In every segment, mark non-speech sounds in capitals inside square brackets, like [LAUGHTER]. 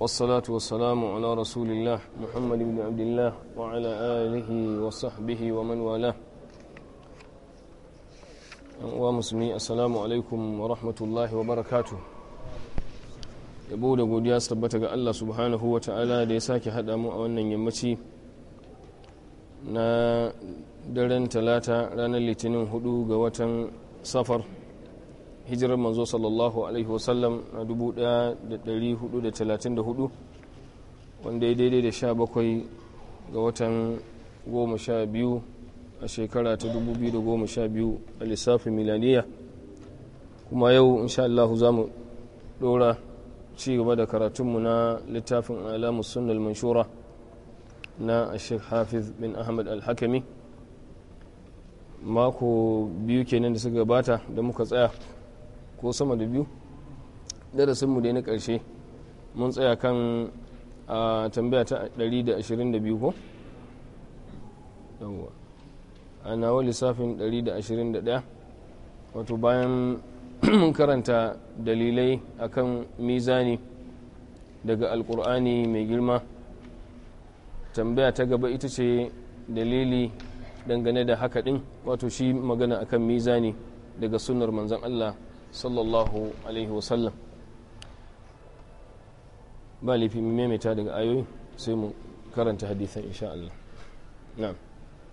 wasalatu wasalamu ala rasulullah muhammadu bin abdullah wa ala wa sahbihi wa manwala ɗan uwa musulmi asalamu alaikum wa rahmatullahi wa barakatu yabo da godiya su tabbata ga allah subhanahu wa ta'ala da ya sake haɗa mu a wannan yammaci na daren talata ranar litinin hudu ga watan safar hijirar manzo sallallahu alaihi wasallam na 1434 wanda ya daidai da 17 ga watan 12 a shekara ta 2012 a lissafin milaniya kuma yau insha Allah za mu dora ci gaba da karatunmu na littafin alamu sunnal manshura na sheikh hafiz bin ahmad al-hakami mako biyu kenan da suka gabata da muka tsaya ko sama da biyu darasinmu dai na ƙarshe mun tsaya kan a tambaya ta 122 ko? yawwa a nawa lissafin 121 wato bayan [CLEARS THROAT] mun karanta dalilai akan mizani daga alkur'ani mai girma tambaya ta gaba ita ce dalili dangane da haka din wato shi magana akan mizani daga sunar manzan allah sallallahu alaihi wasallam ba laifin maimaita daga ayoyi sai mu karanta hadisan insha Allah na'am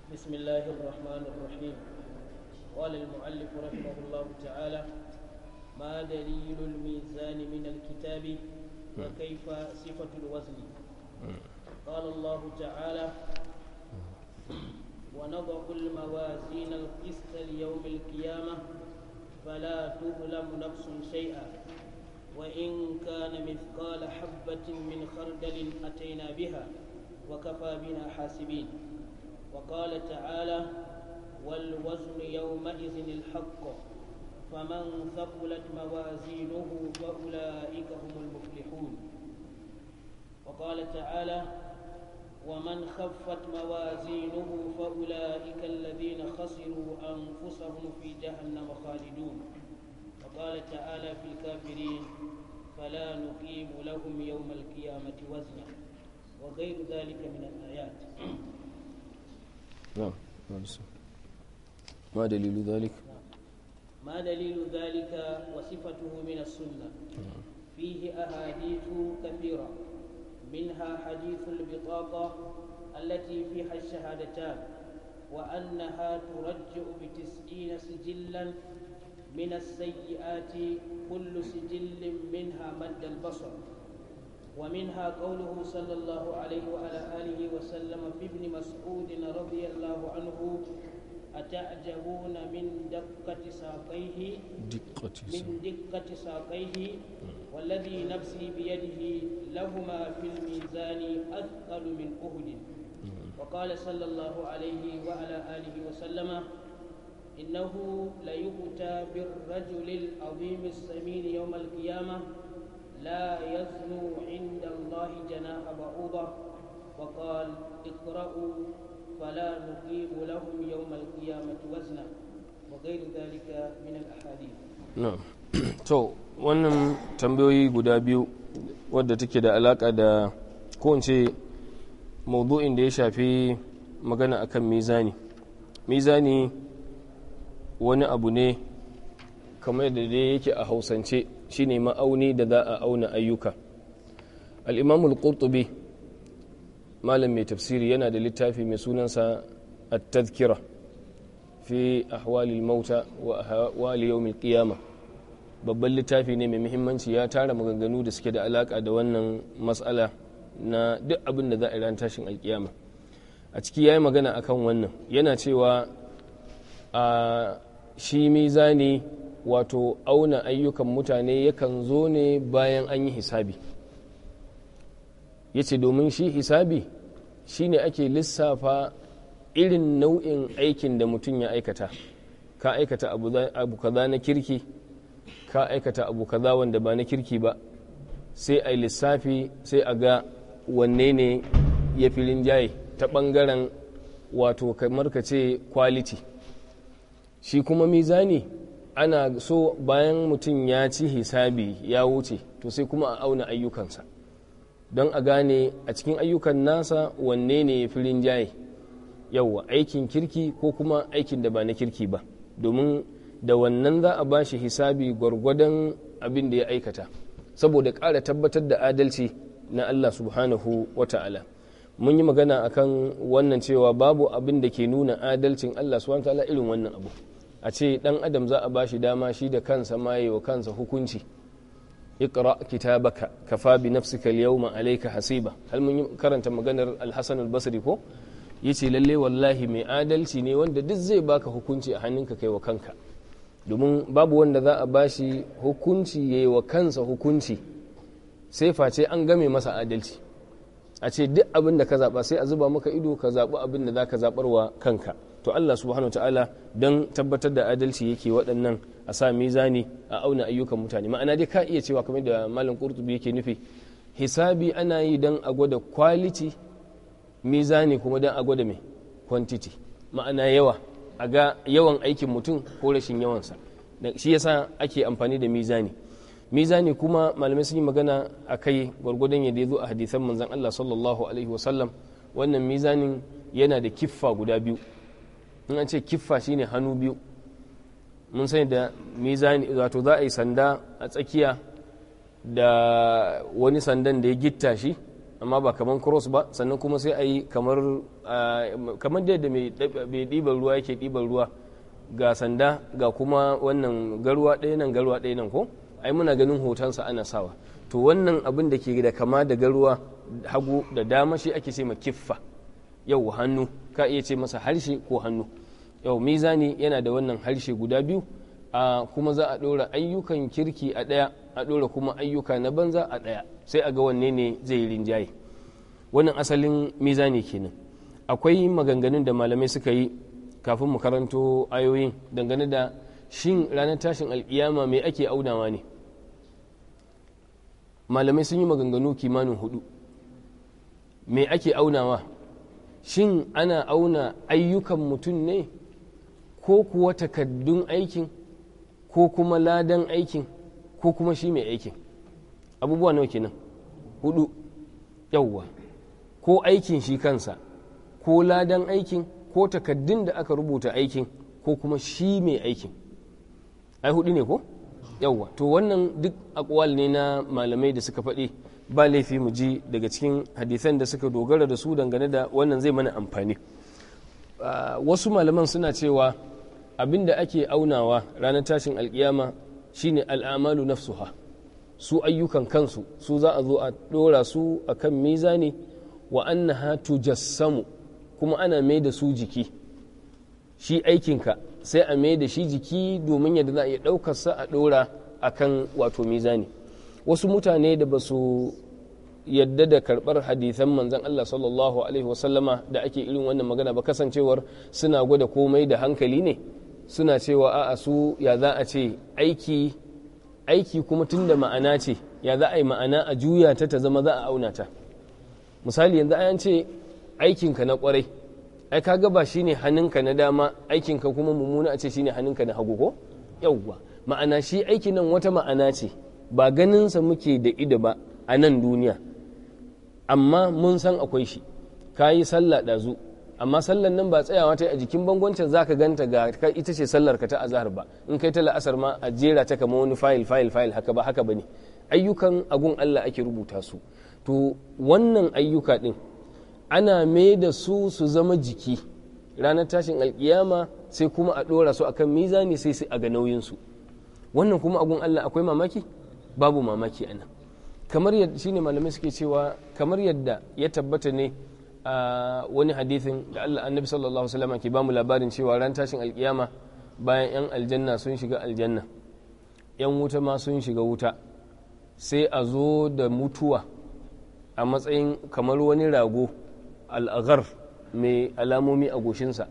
bismillahir rahmanir rahim قال المؤلف رحمه الله تعالى ما دليل الميزان من الكتاب وكيف صفة الوزن قال الله تعالى ونضع الموازين القسط ليوم القيامة فلا تظلم نفس شيئا وإن كان مثقال حبة من خردل أتينا بها وكفى بنا حاسبين وقال تعالى والوزن يومئذ الحق فمن ثقلت موازينه فأولئك هم المفلحون وقال تعالى ومن خفت موازينه فأولئك الذين خسروا أنفسهم في جهنم خالدون وقال تعالى في الكافرين فلا نقيم لهم يوم القيامة وزنا وغير ذلك من الآيات نعم, نعم ما دليل ذلك ما دليل ذلك وصفته من السنة نعم. فيه أحاديث كثيرة منها حديث البطاقة التي فيها الشهادتان وأنها ترجع بتسعين سجلا من السيئات كل سجل منها مد البصر ومنها قوله صلى الله عليه وعلى آله وسلم في ابن مسعود رضي الله عنه أتعجبون من دقة ساقيه دقة من دقة ساقيه والذي نفسي بيده لهما في الميزان أثقل من أهد وقال صلى الله عليه وعلى آله وسلم إنه ليؤتى بالرجل العظيم السمين يوم القيامة لا يزنو عند الله جناح بعوضة وقال اقرأوا فلا نقيم لهم يوم القيامة وزنا وغير ذلك من الأحاديث نعم wannan tambayoyi guda biyu wadda take da alaka da kowace maudu'in da ya shafi magana akan mizani mizani wani abu ne kamar da dai yake a hausance shine ma'auni da za a auna ayyuka al'imamul ƙurtubi malam mai tafsiri yana da littafi mai sunansa a tazkira fi ahwalil mauta wa ahwali yawmil qiyamah babban littafi ne mai muhimmanci ya tara maganganu da suke da alaka da wannan matsala na duk abin da za a ran tashin alkiyama a ciki ya yi magana a kan wannan yana cewa a shi mizani wato auna ayyukan mutane yakan zo ne bayan an yi hisabi ya ce domin shi hisabi shi ne ake lissafa irin nau'in aikin da mutum ya aikata ka aikata abu kaza na kirki ka aikata abu kaza wanda ba na kirki ba sai a lissafi sai a ga wanne ne ya fi rinjaye ta bangaren wato kamar ka ce kwaliti shi kuma mizani ana so bayan mutum ya ci hisabi ya wuce to sai kuma a auna ayyukansa don a gane a cikin ayyukan nasa wanne ne ya fi rinjaye yauwa aikin kirki ko kuma aikin da ba na kirki ba domin da wannan za a ba shi hisabi gwargwadon abin da ya aikata saboda ƙara tabbatar da adalci na Allah subhanahu wa ta'ala mun yi magana akan wannan cewa babu abin da ke nuna adalcin Allah subhanahu wa irin wannan abu a ce dan adam za a ba shi dama shi da kansa maye wa kansa hukunci iqra kitabaka kafa bi nafsika alyawma alayka hasiba hal mun karanta maganar al-Hasan al-Basri ko yace lalle wallahi mai adalci ne wanda duk zai baka hukunci a hannunka kai wa kanka domin babu wanda za a bashi hukunci ya yi wa kansa hukunci sai face an game masa adalci a ce duk abin da ka zaɓa sai a zuba maka ido ka zaɓi abin da za ka zaɓar wa kanka to Allah subhanahu ta'ala don tabbatar da adalci yake waɗannan a sa mizani a auna ayyukan mutane ma'ana dai ka iya cewa kamar da malam qurtubi yake nufi hisabi ana yi don a gwada quality mizani kuma don a gwada mai quantity ma'ana yawa a ga yawan aikin mutum ko rashin yawansa shi yasa ake amfani da mizani mizani kuma malamai sun yi magana a kai gwargwadon yadda ya zo a hadisan manzan Allah sallallahu alaihi wasallam wannan mizanin yana da kiffa guda biyu in an ce kiffa shine hannu biyu mun sani da mizani wato za a yi sanda a tsakiya da wani sandan da ya gitta shi amma ba kamar cross ba sannan kuma sai a yi kamar da yadda mai ɗiban ruwa yake ɗiban ruwa ga sanda ga kuma wannan garuwa ɗaya nan garuwa ɗaya nan ko ai muna ganin hotonsa ana sawa to wannan abin da ke da kama da garuwa hagu da dama shi ake ce ma kiffa yau hannu ka iya ce masa harshe ko hannu yau mizani yana da wannan harshe guda biyu kuma za a ɗora ayyukan kirki a ɗaya a ɗora kuma ayyuka na banza a ɗaya sai a ga wanne ne zai rinjaye wannan asalin mizani kenan akwai maganganun da malamai suka yi kafin mu karanto ayoyin dangane da shin ranar tashin alkiyama mai ake aunawa ne malamai sun yi maganganu kimanin hudu mai ake aunawa shin ana auna ayyukan mutum ne ko kuwa takaddun aikin ko kuma ladan aikin ko kuma shi mai aikin abubuwa nawa kenan hudu yawwa ko aikin shi kansa ko ladan aikin ko takaddun da aka rubuta aikin ko kuma shi mai aikin ai hudu ne ko yawwa to wannan duk akwal ne na malamai da suka faɗi ba laifi mu ji daga cikin hadisan da suka dogara da su dangane da wannan zai mana amfani ah, wasu malaman suna cewa abinda ake aunawa ranar tashin alkiyama shine al'amalu nafsuha su ayyukan kansu su za a zo a dora su akan mizani wa annaha tujassamu kuma ana mai da su jiki shi aikinka sai a mai da shi jiki domin yadda za a iya ɗaukarsa a ɗora a kan wato mizani wasu mutane da ba su yadda da karɓar hadithan manzan Allah sallallahu alaihi wasallama da ake irin wannan magana ba kasancewar suna gwada komai da hankali ne suna cewa a'a su ya za a ce aiki aiki kuma da ma'ana ce ya za a yi ma'ana a juya ta ta zama za a auna ta misali yanzu an ce aikinka na kwarai ai ka gaba shi ne hannunka na dama aikinka kuma mummuna a ce shi ne hannunka na hagu ko yauwa ma'ana shi aiki nan wata ma'ana ce ba ganinsa muke da ido ba a nan duniya amma mun san akwai shi ka yi sallah ɗazu amma sallar nan ba tsayawa ta a jikin bangoncin ka ganta ga ita ce sallar ka ta azhar ba in kai ta la'asar ma a jera ta kamar wani fayil fayil fayil haka ba haka ba ne ayyukan agun Allah ake rubuta su to wannan ayyuka din ana mai da su su zama jiki ranar tashin alkiyama sai kuma a ɗora su akan mizani sai su a ga nauyin su wannan kuma agun Allah akwai mamaki babu mamaki anan kamar yadda shine malamai suke cewa kamar yadda ya tabbata ne wani hadithin da Allah annabi sallallahu alaihi wasallam ke bamu labarin cewa ran tashin alkiyama bayan yan aljanna sun shiga aljanna yan wuta ma sun shiga wuta sai a zo da mutuwa a matsayin kamar wani rago al'agar mai alamomi a goshinsa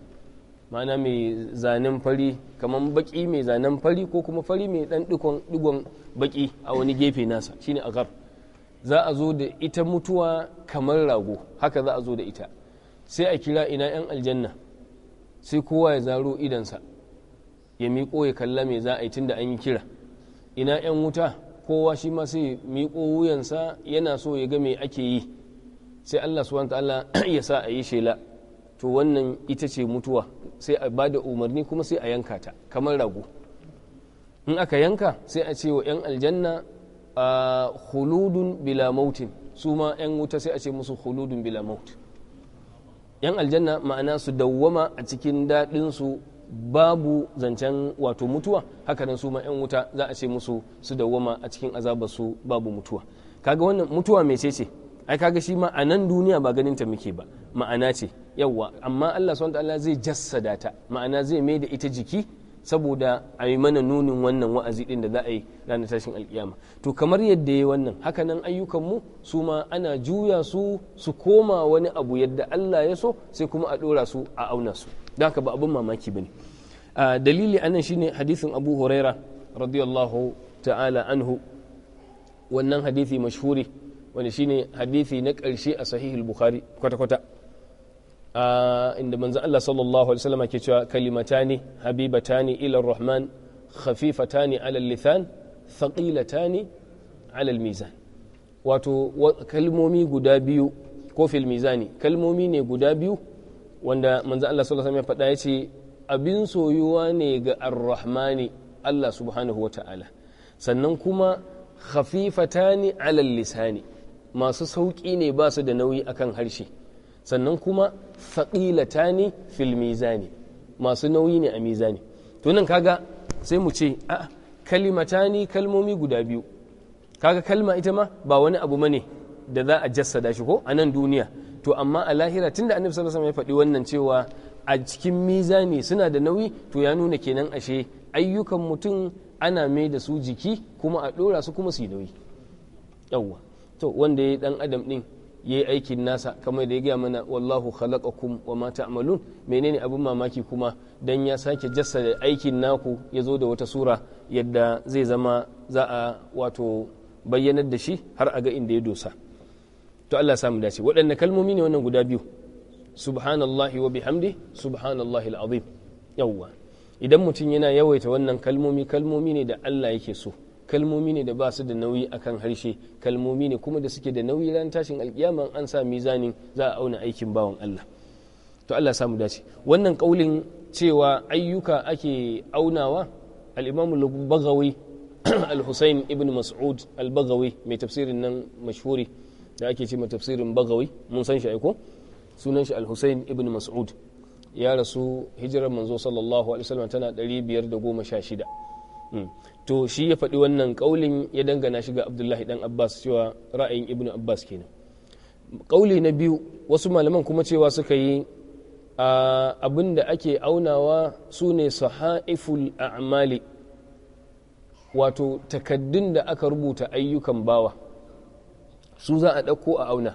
mana mai zanen fari kamar baki mai zanen fari ko kuma fari mai ɗan ɗigon baki a wani gefe nasa shine agar za a zo da ita mutuwa kamar rago haka za a zo da ita sai a kira ina 'yan aljanna sai kowa ya zaro idansa ya miƙo ya kalla mai za a yi tunda an yi kira ina 'yan wuta kowa shi ma sai miƙo wuyansa yana so ya ga mai ake yi sai allah subhanahu Allah [CLEARS THROAT] ya sa a yi shela to wannan ita ce mutuwa sai a ba da umarni kuma sai a yanka ta kamar rago in aka yanka sai a ce wa 'yan aljanna khuludun bila mautin su ma 'yan wuta sai a ce musu khuludun bila maut yan aljanna ma'ana su dawwama a cikin daɗinsu babu zancen wato mutuwa hakanan su ma 'yan wuta za a ce musu su dawwama a cikin su babu mutuwa kaga wannan mutuwa mai ce ai kaga shi ma a nan duniya ba ganin ta muke ba ma'ana ce yawwa amma Allah subhanahu wa zai jassada ta ma'ana zai mai da ita jiki saboda a yi mana nunin wannan wa'azi din da za a yi ranar tashin alkiyama to kamar yadda ya wannan hakanan ayyukanmu su ma ana juya su su koma wani abu yadda Allah ya so sai kuma a ɗora su a auna su don haka ba abin mamaki ba ne dalili anan shine hadisin abu huraira radiyallahu ta'ala anhu wannan hadisi mashhuri wani shine hadisi na ƙarshe a sahihul bukhari kwata-kwata inda manzan Allah sallallahu alaihi wasallam ke cewa kalimatani habibatani ila rahman khafifatani ala lithan thaqilatani ala mizan wato kalmomi guda biyu ko fil mizani kalmomi ne guda biyu wanda manzan Allah sallallahu alaihi wasallam ya faɗa yace abin soyuwa ne ga ar-rahmani Allah subhanahu wa ta'ala sannan kuma khafifatani ala lisani masu sauƙi ne ba su da nauyi akan harshe sannan kuma faqilatani fil mizani masu nauyi ne a mizani to nan kaga sai mu ce a kalimatani kalmomi guda biyu kaga kalma ita ma ba wani abu bane da za a jassada shi ko a nan duniya to amma a lahira tunda annabi sallallahu alaihi wasallam ya faɗi wannan cewa a cikin mizani suna da nauyi to ya nuna kenan ashe ayyukan mutum ana mai da su jiki kuma a ɗora su kuma su yi nauyi yawwa to wanda ya dan adam din yi aikin nasa kamar da ya gaya mana wallahu khalaqakum wa ma ta'malun menene abin mamaki kuma dan ya sake jassada aikin naku ya zo da wata sura yadda zai zama za a wato bayyanar da shi har a ga inda ya dosa to Allah samu dace waɗanne kalmomi ne wannan guda biyu subhanallahi wa bihamdi subhanallahi al'azim yawwa idan mutum yana yawaita wannan kalmomi kalmomi ne da Allah yake so kalmomi ne da ba su da nauyi akan harshe kalmomi ne kuma da suke da nauyi ran tashin alkiyama an sa mizanin za a auna aikin bawan Allah to Allah samu dace wannan kaulin cewa ayyuka ake aunawa al-Imam al-Baghawi [CLEARS THROAT] al-Husayn ibn Mas'ud al-Baghawi mai tafsirin nan mashhuri da ake ce tafsirin Baghawi mun san shi aiko sunan shi al-Husayn ibn Mas'ud ya rasu hijirar manzo sallallahu alaihi wasallam tana 516 to shi ya faɗi wannan ƙaulin ya dangana shi ga abdullahi dan abbas cewa ra'ayin ibnu abbas kenan ƙauli na biyu wasu malaman kuma cewa suka yi abin da ake aunawa su ne sahaiful a'mali wato takaddun da aka rubuta ayyukan bawa su za a ɗauko a auna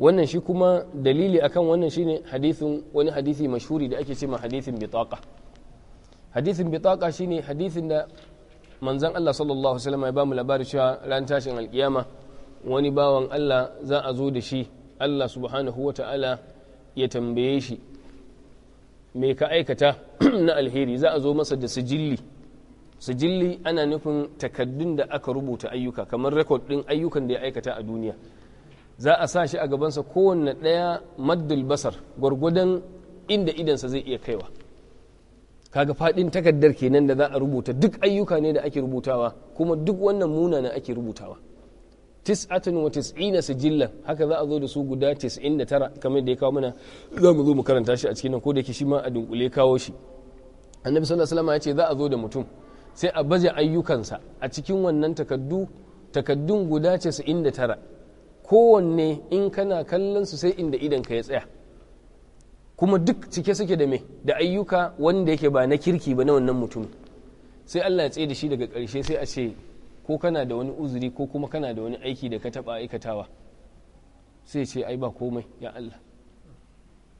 wannan shi kuma dalili akan wannan shi hadithin wani hadithi mashuri da ake ce ma hadithin bitaqa hadithin bitaqa shine hadithin da manzan Allah sallallahu alaihi wasallam ya bamu labari cewa ran tashin alkiyama wani bawan Allah za a zo da shi Allah subhanahu ta'ala ya tambaye shi me ka aikata [CLEARS THROAT] na alheri za a zo masa da sijilli sijilli ana nufin takaddun da aka rubuta ayyuka kamar rekod din ayyukan da ya aikata a duniya za a sa shi a gabansa kowanne ɗaya maddul basar gwargwadon inda idansa zai iya kaiwa kaga fadin takardar kenan da za a rubuta duk ayyuka ne da ake rubutawa kuma duk wannan muna na ake rubutawa tis'atun wa tis'ina sijillan haka za a zo da su guda 99 kamar da ya kawo mana za mu zo mu karanta shi a cikin nan ko da yake shi ma a dunkule kawo shi annabi sallallahu alaihi ya ce za a zo da mutum sai a baje ayyukansa a cikin wannan takaddu takaddun guda 99 kowanne in kana kallon su sai inda idan ya tsaya kuma duk cike suke da me da ayyuka wanda yake ba na kirki ba na wannan mutumin sai Allah ya tsaye da shi daga ƙarshe sai a ce ko kana da wani uzuri ko kuma kana da wani aiki da ka taɓa aikatawa sai ce ai ba komai ya Allah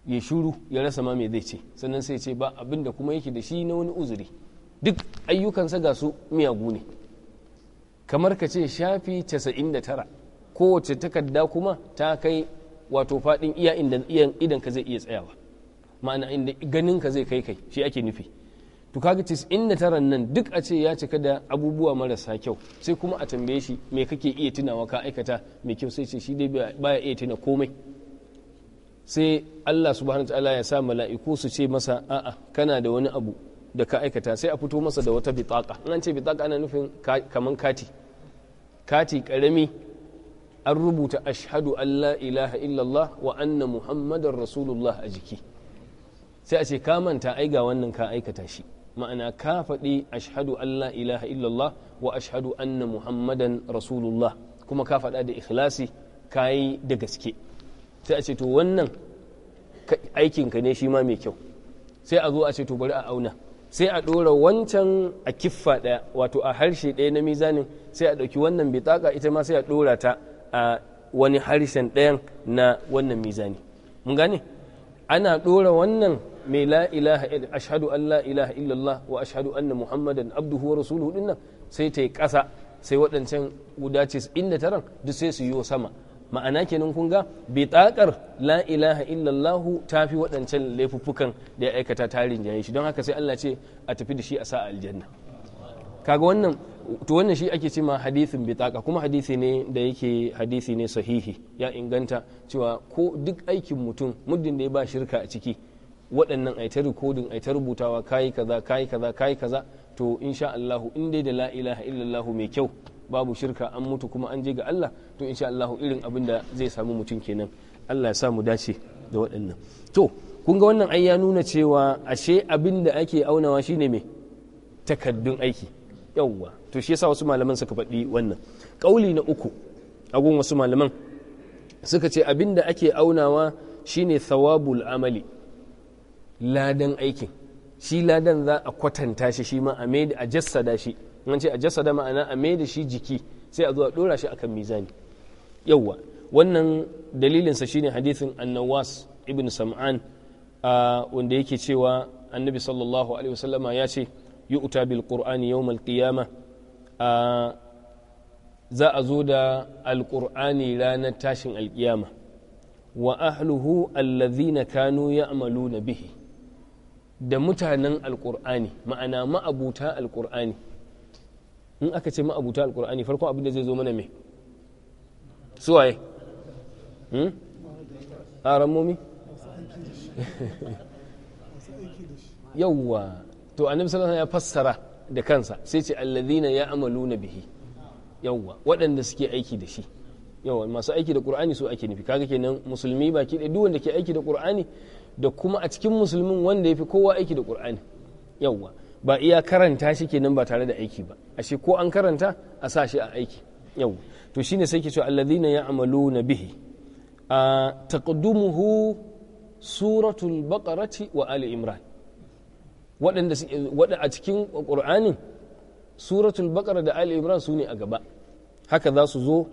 ya shuru ya rasa ma me zai ce sannan sai ce ba abin da kuma yake da shi na wani uzuri duk ayyukansa ga su miyagu ne kamar ka ce shafi 99 kowace takarda kuma ta kai wato faɗin iya idan ka zai iya tsayawa ma'ana inda ganin ka zai kai kai shi ake nufi to kaga taran nan duk a ce ya cika da abubuwa marasa kyau sai kuma a tambaye shi me kake iya tunawa ka aikata me kyau sai ce shi dai baya iya tuna komai sai Allah subhanahu ta'ala ya sa mala'iku su ce masa a'a kana da wani abu da ka aikata sai a fito masa da wata bitaka nan ce bitaka ana nufin kaman kati kati karami an rubuta ashhadu an la illallah wa anna muhammadar rasulullah a jiki sai a ce ka manta ai ga wannan ka aikata shi ma'ana ka faɗi ashhadu allah ilaha illallah wa ashhadu anna muhammadan rasulullah kuma ka faɗa da ikhlasi ka da gaske sai a ce to wannan aikinka ne shi ma mai kyau sai a zo a ce to bari a auna sai a ɗora wancan a kiffa ɗaya wato a harshe ɗaya na mizanin sai a ɗauki wannan bitaka ita ma sai a ɗora ta a wani harshen ɗayan na wannan mizani mun gane ana ɗora wannan mai la ilaha ashhadu an la ilaha illallah wa ashhadu anna muhammadan abduhu wa rasuluhu din nan sai ta yi ƙasa sai waɗancan guda ce inda taran duk sai su yi sama ma'ana kenan kun ga bitaƙar la ilaha illallahu ta fi waɗancan laifuffukan da ya aikata tarin jaye shi don haka sai Allah ce a tafi da shi a sa aljanna kaga wannan to wannan shi ake cema hadisin bitaka kuma hadisi ne da yake hadisi ne sahihi ya inganta cewa ko duk aikin mutum muddin da ya ba shirka a ciki waɗannan ai ta rikodin ai ta rubutawa kayi kaza kayi kaza kayi kaza to insha Allahu in dai da la ilaha illallah mai kyau babu shirka an mutu kuma an je ga Allah to insha Allahu irin abin da zai samu mutum kenan Allah ya sa mu dace da waɗannan to kun ga wannan ai ya nuna cewa ashe abin da ake aunawa shine me takaddun aiki yawwa to shi yasa wasu malaman suka faɗi wannan ƙauli na uku agun wasu malaman suka ce abinda ake aunawa shine thawabul amali ladan aikin shi ladan za a kwatanta shi shi ma a maida a jassada shi an ce a jassada ma'ana a da shi jiki sai a zo a dora shi akan mizani yawwa wannan dalilinsa shine hadithin annawas ibn sam'an wanda yake cewa annabi sallallahu alaihi wasallama ya ce yu'ta bil qur'ani yawmal qiyamah a za a zo da alƙur'ani ranar tashin alƙiyama wa ahluhu ya kanu na bihi da mutanen alƙur'ani ma'ana ma'abuta alƙur'ani in aka ce ma'abuta alƙur'ani farkon abin da zai zo mana mai. suwaye hmm? aran momi [LAUGHS] yawwa to annabi sallallahu alaihi wasallam ya fassara da kansa sai ce amalu na bihi yawwa waɗanda suke aiki da shi masu aiki da qur'ani su ake nufi kaga kenan musulmi baki da duk wanda ke aiki da qur'ani da kuma a cikin musulmin wanda ya fi kowa aiki da qur'ani Yawwa. ba iya karanta shi kenan ba tare da aiki ba ashe ko an karanta a sa shi a aiki Yawwa to shine sai ke cewa amalu na bihi a taqdumuhu suratul baqarati wa ali imran waɗanda a cikin ƙur'anin suratul baƙar da ali imran su ne a gaba haka za su zo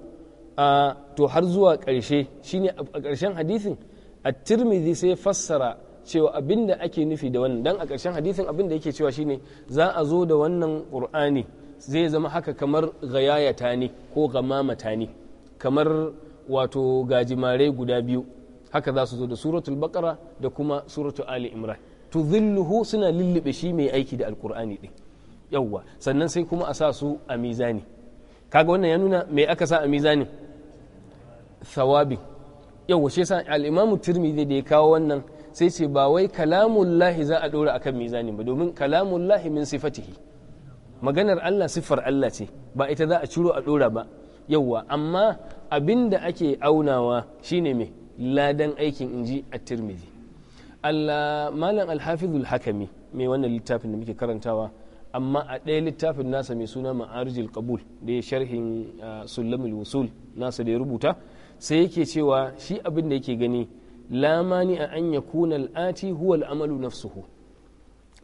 a to har zuwa ƙarshe shine a ƙarshen hadisin a tirmidhi sai fassara cewa abin da ake nufi da wannan dan a ƙarshen hadisin abinda da yake cewa shine za a zo da wannan ƙur'ani zai zama haka kamar gayayata ne ko gamamata ne kamar wato gajimare guda biyu haka za su zo da suratul bakara da kuma suratul ali imran tudhilluhu suna lullube shi mai aiki da alkur'ani din yawwa sannan sai kuma a sa su a mizani kaga wannan ya nuna me aka sa a mizani? thawabi yawwa shi yasa al-imamu tirmidhi da ya kawo wannan sai ce ba wai kalamullahi za a dora akan mizani ba domin kalamullahi min sifatihi maganar Allah siffar Allah ce ba ita za a ciro a dora ba yawwa amma abinda ake aunawa shine mai ladan aikin inji at-tirmidhi malam alhafizul hakami mai wannan littafin da muke karantawa amma a ɗaya littafin nasa mai suna ma'arijil kabul da ya sharhin sulamul wusul nasa da ya rubuta sai yake cewa shi abin da yake gani lamani a an yakuna al'ati huwa al'amalu nafsuhu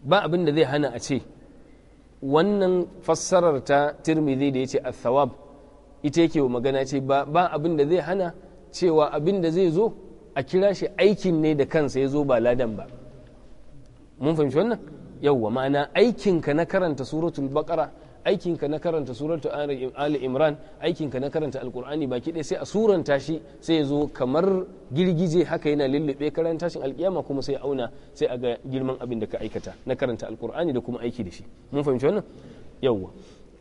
ba abin da zai hana a ce wannan fassarar ta tirmidhi da yace athawab ita yake magana ce ba abin da zai hana cewa abin da zai zo a kira shi aikin ne da kansa ya zo ba ladan ba mun fahimci wannan yawwa ma'ana aikinka na karanta suratul baqara aikinka na karanta suratul ali imran aikinka na karanta alkur'ani baki ɗaya sai a suranta shi sai ya zo kamar girgije haka yana lullube karan tashin alkiyama kuma sai auna sai a ga girman abin da ka aikata na karanta alkur'ani da kuma aiki da shi mun fahimci wannan yawwa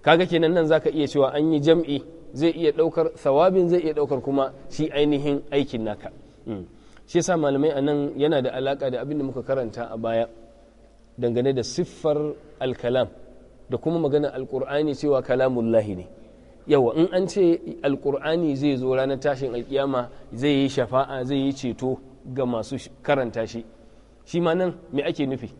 kaga kenan nan zaka iya cewa an yi jam'i zai iya ɗaukar thawabin zai iya ɗaukar kuma shi ainihin aikin naka Mm. shi yasa malamai a nan yana da alaka da abin da muka karanta a baya dangane da siffar alkalam da kuma magana alkur'ani cewa kalamullahi ne yawa in an ce alkur'ani zai zo ranar tashin alkiyama zai yi shafa'a zai yi ceto ga masu karanta shi shi ma nan me ake nufi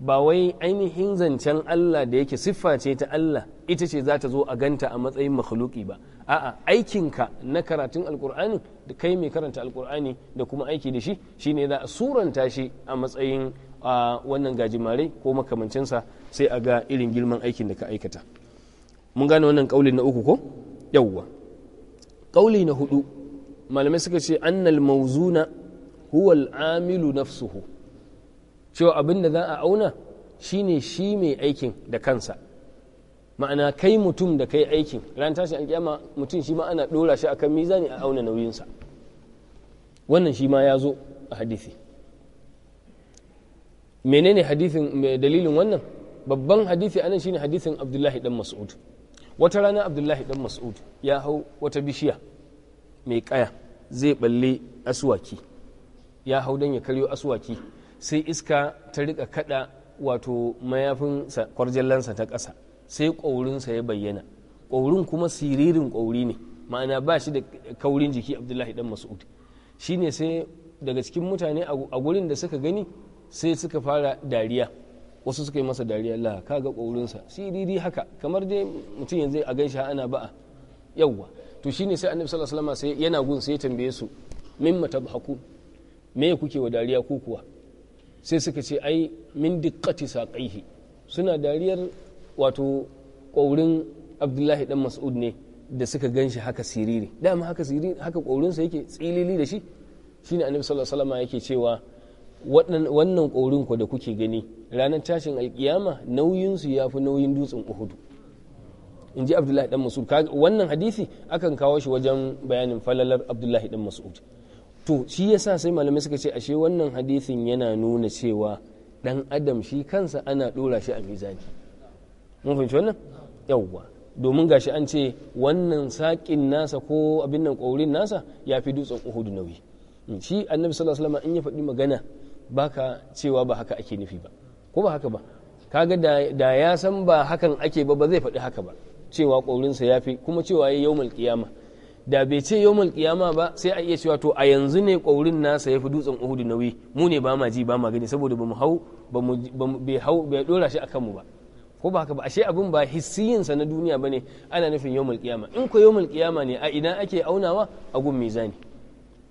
ba wai ainihin zancen Allah da yake siffa ce ta Allah ita ce za ta zo a ganta a matsayin makhluki ba a'a aikinka na karatun alkur'ani da kai mai karanta alkur'ani da kuma aiki da shi shine za a suranta shi a matsayin wannan gajimare ko makamancinsa sai a ga irin girman aikin da ka aikata mun gane wannan kauli na uku ko yawwa kauli na hudu malamai suka ce annal mawzuna huwal amilu nafsuhu cewa abin da za a auna shine shi mai aikin da kansa ma'ana kai mutum da kai aikin ran tashin alkiyama mutum shi ma ana dora shi akan mizani a auna nauyinsa wannan shi ma ya zo a hadisi menene hadisin dalilin wannan babban hadisi anan shine hadisin abdullahi dan mas'ud wata rana abdullahi dan mas'ud ya hau wata bishiya mai kaya zai balle aswaki ya hau dan ya karyo aswaki sai iska ta rika kaɗa wato mayafin kwarjallansa ta ƙasa sai ƙaurinsa ya bayyana ƙaurin kuma siririn ƙauri ne ma'ana ba shi da kaurin jiki abdullahi dan mas'ud shine sai daga cikin mutane a gurin da suka gani sai suka fara dariya wasu suka yi masa dariya Allah ka ga ƙaurinsa siriri haka kamar dai mutum yanzu a shi ana ba'a yawwa to shine sai annabi sallallahu alaihi wasallam sai yana gun sai ya tambaye su mimma tabhaku me kuke wa dariya ku kuwa sai suka ce ai min dikkati saqihi suna dariyar wato ƙaurin abdullahi dan mas'ud ne da suka ganshi haka siriri dama haka siriri haka ƙaurinsa yake tsilili da shi shine annabi sallallahu alaihi wasallam yake cewa wannan ƙorin ku da kuke gani ranar tashin alkiyama nauyinsu ya fi nauyin dutsen uhudu in ji abdullahi dan mas'ud wannan hadisi akan kawo shi wajen bayanin falalar abdullahi dan mas'ud to shi yasa sai malamai suka ce ashe wannan hadisin yana nuna cewa dan adam shi kansa ana dora shi a mizani mun fahimci wannan yawwa domin gashi an ce wannan saƙin nasa ko abin nan ƙaurin nasa ya fi dutsen uhudu nauyi hmm, shi annabi sallallahu alaihi wasallam in ya faɗi magana baka cewa ba haka ake nufi ba ko ba haka ba kaga da ya san ba hakan ake ba ba zai faɗi haka ba cewa ƙaurinsa ya fi kuma cewa ya yawmal kiyama da bai ce yau kiyama ba sai a iya cewa to a yanzu ne kwaurin nasa ya fi dutsen uhudu nauyi mu ne ba ma ji ba ma gani saboda ba mu hau bai hau bai dora shi akan mu ba ko ba haka ba ashe abin ba hissiyinsa na duniya bane ana nufin yau kiyama in ko yau kiyama ne a idan ake aunawa a gun mizani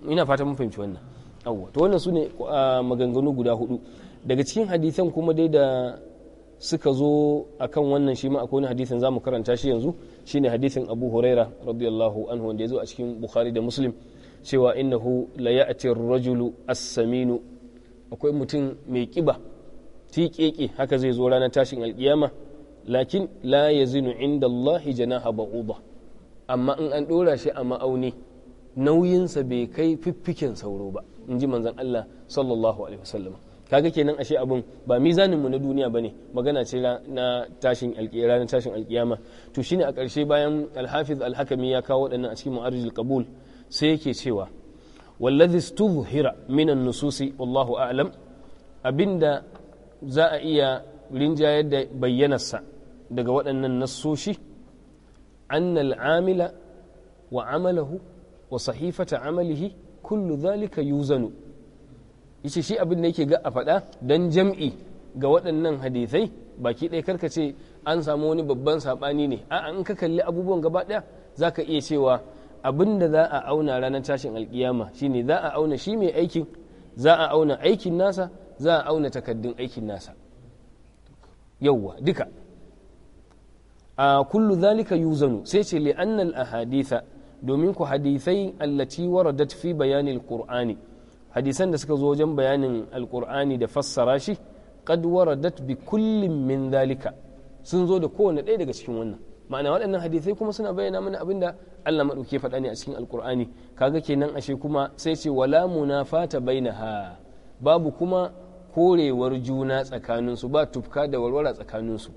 ina fata mun fahimci wannan to wannan su ne ah, maganganu guda hudu daga cikin hadisan kuma dai da suka zo akan wannan shi ma akwai wani hadithin zamu karanta shi yanzu shine hadithin Abu Huraira radiyallahu anhu wanda yazo a cikin Bukhari da Muslim cewa innahu la ya'ti rajulu as-saminu akwai mutum mai kiba tiƙeƙe haka zai zo ranar tashin alƙiyama lakin la yazinu inda Allah janaha ba'uda amma in an ɗora shi a ma'auni nauyinsa bai kai fiffiken sauro ba in ji manzon Allah sallallahu alaihi wasallam kaga kenan ashe abun ba mizaninmu na duniya bane magana ce na tashin alkiyama na tashin alkiyama to shine a ƙarshe bayan alhafiz alhakami ya kawo waɗannan a cikin mu'arijul qabul sai yake cewa wallazi istuzhira minan nususi wallahu a'lam abinda za a iya rinjayar da bayyanarsa daga waɗannan nassoshi annal amila wa amalahu wa sahifata amalihi kullu zalika yuzanu yace shi abin da yake ga a faɗa dan jam'i ga waɗannan hadisai baki ɗaya karka ce an samu wani babban saɓani ne a in ka kalli abubuwan gaba ɗaya za ka iya cewa abin da za a auna ranar tashin alkiyama shine za a auna shi mai aikin za a auna aikin nasa za a auna takaddun aikin nasa yauwa duka a kullu zalika yuzanu sai ce li'annal ahaditha domin ku hadisai allati waradat fi bayanil qur'ani hadisan da suka zo wajen bayanin alkur'ani da fassara shi qad waradat bi kullin min zalika sun zo da kowane ɗaya daga cikin wannan ma'ana waɗannan hadisai kuma suna bayyana mana abin da Allah maɗauki faɗa ne a cikin alkur'ani kaga kenan ashe kuma sai ce wala munafata bainaha babu kuma korewar juna tsakaninsu ba tufka da warwara tsakaninsu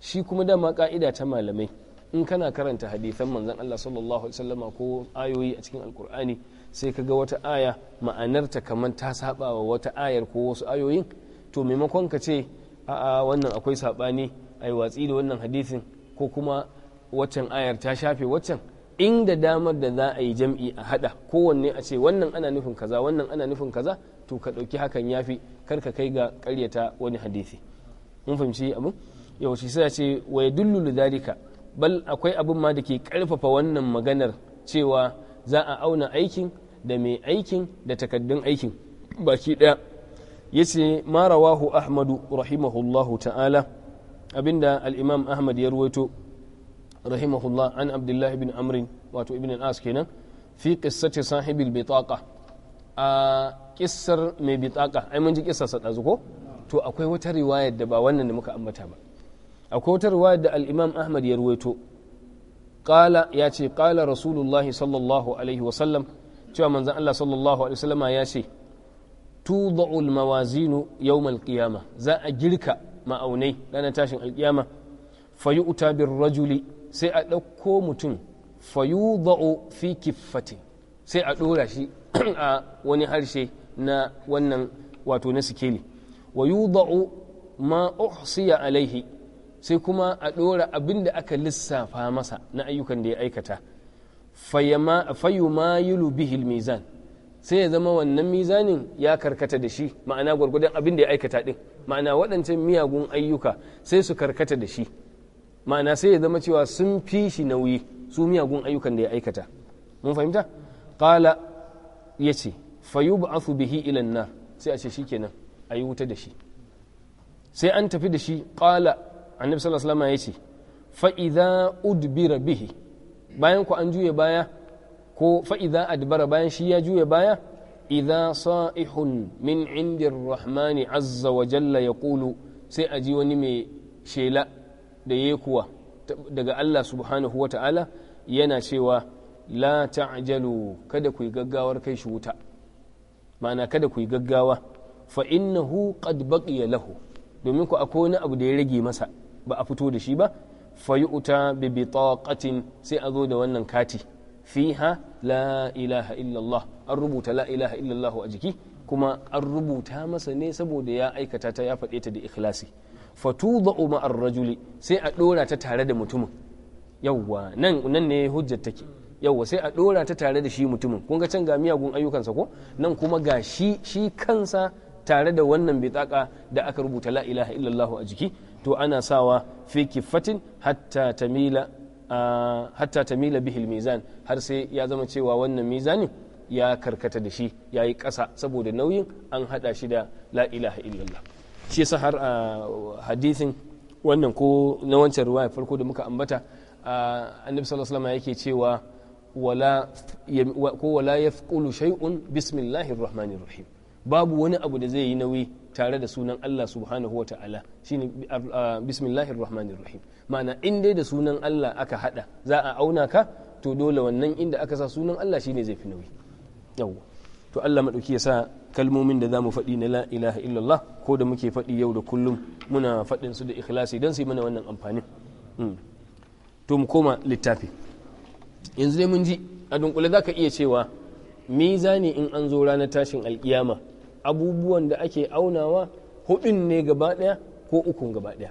shi kuma dama ka'ida ta malamai in kana karanta hadisan manzon Allah sallallahu alaihi wasallama ko ayoyi a cikin alkur'ani sai ka ga wata aya ma'anarta kamar ta saba wa wata ayar ko wasu ayoyin to maimakon ka ce a'a wannan akwai saɓani a yi watsi da wannan hadisin ko kuma waccan ayar ta shafe waccan inda damar da za a yi jam'i a hada kowanne a ce wannan ana nufin kaza wannan ana nufin kaza to ka ɗauki hakan yafi kar ka kai ga karyata wani hadisi mun fahimci abin yau shi sai ce wa yadullu lidalika bal akwai abin ma da ke karfafa wannan maganar cewa za a auna aikin da mai aikin da takaddun aikin baki ɗaya ya ce marawahu ahmadu rahimahullahu ta'ala abinda al'imam ahmad ya ruwaito rahimahullah an abdullahi bin amrin wato ibn al'as kenan fi kissati sahibil bitaƙa. a kissar mai bitaqa ai mun ji kissar sa ko to akwai wata riwaya da ba wannan da muka ambata ba akwai wata riwayar da alimam ahmad ya ruwaito ya ce qala rasulullahi sallallahu alaihi wasallam cewa manzan Allah sallallahu alaihi wasallama ya ce tudau mawazinu yawm alqiyama za a girka ma'aunai ranar tashin alqiyama fayu'ta bir rajuli sai a ɗauko mutum fayudau fi kiffati sai a ɗora shi [CLEARS THROAT] a wani harshe na wannan wato na sikeli wa yudau ma uhsiya alaihi sai kuma a ɗora abin da aka lissafa masa na ayyukan da ya aikata fayumayilu bihil mizan sai ya zama wannan mizanin ya karkata da shi ma'ana gwargwadon abin da ya aikata din ma'ana waɗancan miyagun ayyuka sai su karkata da shi ma'ana sai ya zama cewa sun fi shi nauyi su miyagun ayyukan da ya aikata mun fahimta qala yace fayub'athu bihi ila nar sai a ce kenan. a yi wuta da shi sai an tafi da shi qala annabi sallallahu alaihi wasallam yace fa idza udbira bihi bayan ku an juye baya ko fa'iza adbara bayan shi ya juye baya idza sa'ihun min indir rahmani azza wa jalla ya ƙulu sai a wani mai shela da ya kuwa daga Allah subhanahu wa ta'ala yana cewa la ta'jalu kada ku yi gaggawar kai shi wuta ma'ana kada ku yi gaggawa fa innahu qad baqiya lahu domin ku akwai wani abu da ya rage masa ba a fito da shi ba fayu'ta bi bitaqatin sai a zo da wannan kati fiha la ilaha illallah an rubuta la ilaha illallah a jiki kuma an rubuta masa ne saboda ya aikata ta ya faɗe ta da ikhlasi fatudau ma'ar rajuli sai a dora ta tare da mutumin yawwa nan nan ne hujjar take yawwa sai a dora ta tare da shi mutumin kun ga can ga miyagun ayyukansa ko nan kuma ga shi shi kansa tare da wannan bitaka da aka rubuta la ilaha illallah a jiki to ana sawa fi kifatin hatta tamila hatta tamila bihil mizan har sai ya zama cewa wannan mizanin ya karkata da shi ya yi ƙasa saboda nauyin an haɗa shi da la ilaha illallah shi yasa har a hadisin wannan ko na wancan ruwaya farko da muka ambata annabi sallallahu alaihi yake cewa wala ko wala yafqulu shay'un bismillahir rahmanir rahim babu wani abu da zai yi nauyi tare da sunan Allah subhanahu wa ta'ala shine uh, uh, bismillahir rahmanir rahim ma'ana in dai da sunan Allah aka hada za a auna ka to dole wannan inda aka sa sunan Allah shine zai fi nauyi yawa to Allah madauki ya sa kalmomin da zamu faɗi na la ilaha illallah ko da muke faɗi yau da kullum muna faɗin su da ikhlasi don su yi mana wannan amfani hmm. to mu koma littafi yanzu dai mun ji a dunkule zaka iya cewa mizani in an zo ranar tashin alkiyama abubuwan da ake aunawa hudun ne gaba daya ko ukun gaba daya.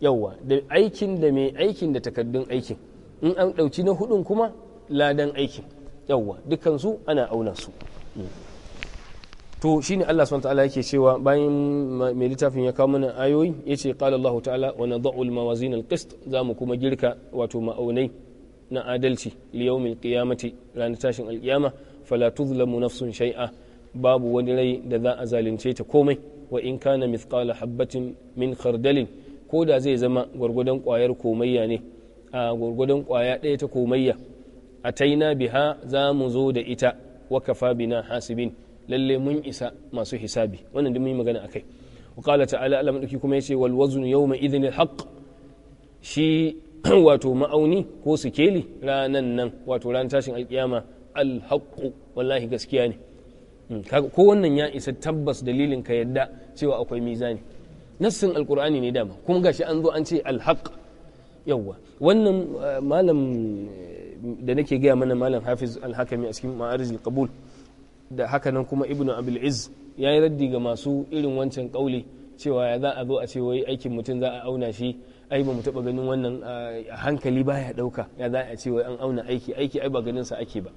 yawwa da aikin da mai aikin da takaddun aikin in an ɗauki na hudun kuma ladan aikin yawwa dukansu ana auna su to shine Allah subhanahu ta'ala yake cewa bayan mai littafin ya kawo mana ayoyi yace qala Allah ta'ala wa nad'u al-mawazin al-qist zamu kuma girka wato ma'aunai na adalci li yawmil qiyamati ranar tashin al-qiyama fala tuzlamu nafsun shay'a babu wani rai da za a zalunce ta komai wa in kana mithqala habbatin min khardalin ko da zai zama gwargwadon kwayar komayya ne a gwargwadon kwaya ɗaya ta komayya a taina biha za mu zo da ita wa kafa bina hasibin lalle mun isa masu hisabi wannan da mun yi magana akai wa qala ta'ala Allah madauki kuma yace wal waznu yawma idhin al haqq shi [CLEARS THROAT] wato ma'auni ko sikeli ranan nan wato ran tashin alkiyama al haqq wallahi gaskiya ne Hmm, ko wannan ya isa tabbas dalilin ka yadda cewa akwai mizani nassin alkur'ani ne dama kuma gashi an zo an ce alhaq yawwa wannan eh, malam eh, da nake gaya mana malam hafiz alhakami a cikin ma'arij alqabul da haka nan kuma ibnu abul iz ya yi raddi ga masu irin wancan kauli cewa ya za a zo a ce wai aikin mutum za a auna shi ai ba mu taba ganin wannan eh, hankali baya dauka ya za a ce wai an auna aiki aiki ai ba ganin sa ake ba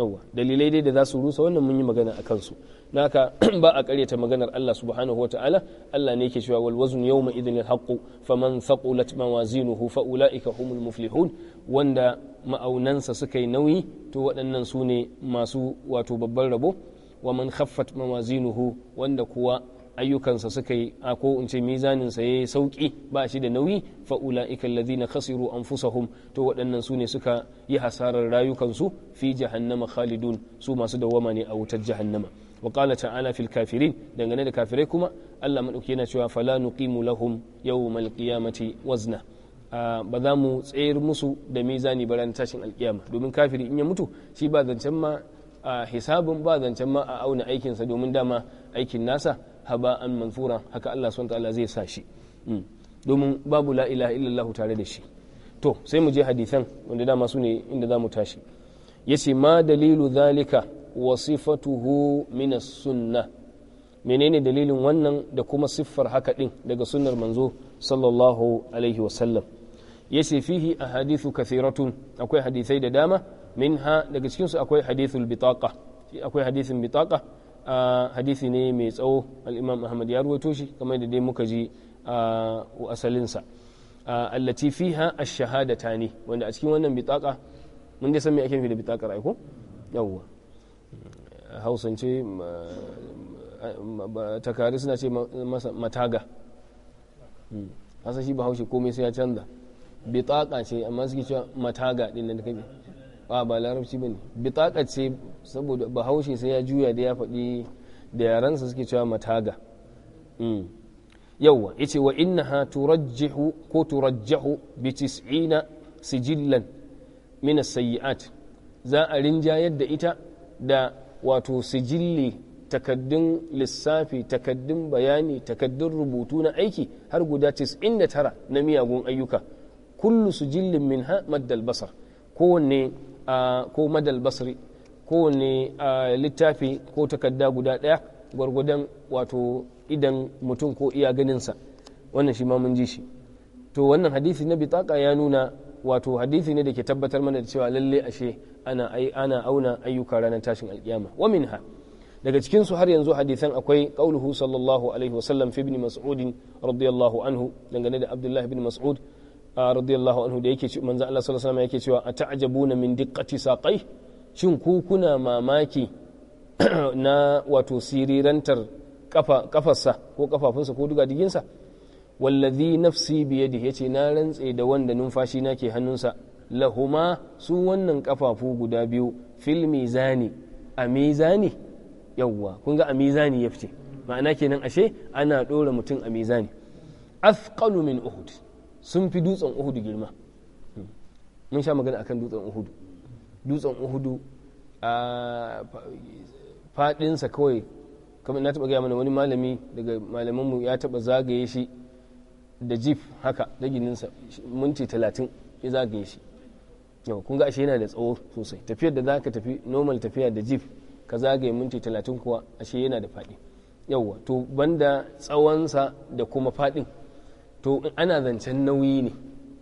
yawa dalilai dai da za su rusa wannan mun yi magana a kansu naka [CLEARS THROAT] ba a karyata maganar Allah subhanahu wataala Allah ne yake cewa wal wazn yawma idhin al haqq faman thaqulat mawazinuhu fa ulaika humul muflihun wanda ma'aunansa suka yi nauyi to waɗannan su ne masu wato babban rabo wa man khaffat mawazinuhu wanda kuwa ayyukansa suka yi a ko in ce mizaninsa ya yi sauƙi ba shi da nauyi fa'ula ikallazi na khasiru an fusahum to waɗannan su ne suka yi hasarar rayukansu fi jahannama khalidun su masu dawama ne a wutar jahannama wa qala ta'ala fil kafirin dangane da kafirai kuma Allah madauki yana cewa fala nuqimu lahum yawmal qiyamati wazna ba za mu tsayar musu da mizani ba ran tashin alkiyama domin kafiri in ya mutu shi ba zancen ma a hisabin ba zancen ma a auna aikinsa domin dama aikin nasa haba'an mansura haka Allah subhanahu zai sa shi hmm. domin babu la ilaha illallah tare da shi to sai mu je hadisan wanda dama su ne inda mu tashi yace ma dalilu zalika wa sifatuhu min sunnah menene dalilin wannan da kuma siffar haka din daga sunnar manzo sallallahu alaihi wasallam yace fihi ahadithu kathiratun akwai hadisai da dama minha daga cikin su akwai hadithul bitaqa akwai hadithin bitaqa hadisi ne mai tsawo al'imam ahmad ya ruwaito shi kamar da dai muka ji a asalinsa allati fiha ash-shahadata ne wanda a cikin wannan bitaka mun dai san me ake nufi da bitakar aiko yawwa hausance takari suna ce mataga hmm. hasa shi ba haushe komai sai ya canza bitaka ce amma suke cewa mataga din nan kake ba ba larabci bane bitaka ce saboda bahaushe sai ya juya da ya faɗi da yaransa suke cewa mataga mm. yawwa ce wa innaha turajjihu ko turajjahu bi tis'ina sijillan min as-sayyi'at za a rinjayar da ita da wato sijilli takaddun lissafi takaddun bayani takaddun rubutu na aiki har guda da tara na miyagun ayyuka kullu sijillin ha maddal basar kowanne ko madal basri kowane littafi ko takarda guda ɗaya gwargwadon wato idan mutum ko iya ganinsa wannan shi ma mun ji shi to wannan hadisi na bitaka ya nuna wato hadisi ne da ke tabbatar mana da cewa lalle ashe ana ana auna ayyuka ranar tashin alkiyama wa minha daga cikin su har yanzu hadisan akwai qauluhu sallallahu alaihi wasallam fi ibn mas'ud radiyallahu anhu dangane da abdullahi ibn mas'ud radiyallahu anhu da yake manzo Allah sallallahu alaihi yake cewa ata'jabuna min diqqati saqai shin ku kuna mamaki [CLEARS THROAT] na wato sirirantar kafa kafarsa ko kafafunsa ko diginsa wallazi nafsi da yace na rantse da wanda numfashi na ke hannunsa lahuma su wannan kafafu guda biyu fil mizani a mizani yawwa kun ga a mizani ya fice ma'ana kenan ashe ana ɗora mutum a mizani athqalu min uhud sun fi dutsen uhudu girma mun sha magana akan dutsen uhudu dutsen uhudu a fadinsa kawai kamar na taba gaya mana wani malami daga malaminmu ya taba zagaye shi da jif haka da gininsa minti talatin ya zagaye shi yau kun ga ashe yana da tsawo sosai tafiyar da zaka tafi normal tafiya da jif ka zagaye minti talatin kuwa ashe yana da faɗi yauwa to banda tsawonsa da kuma faɗin to ana zancen nauyi ne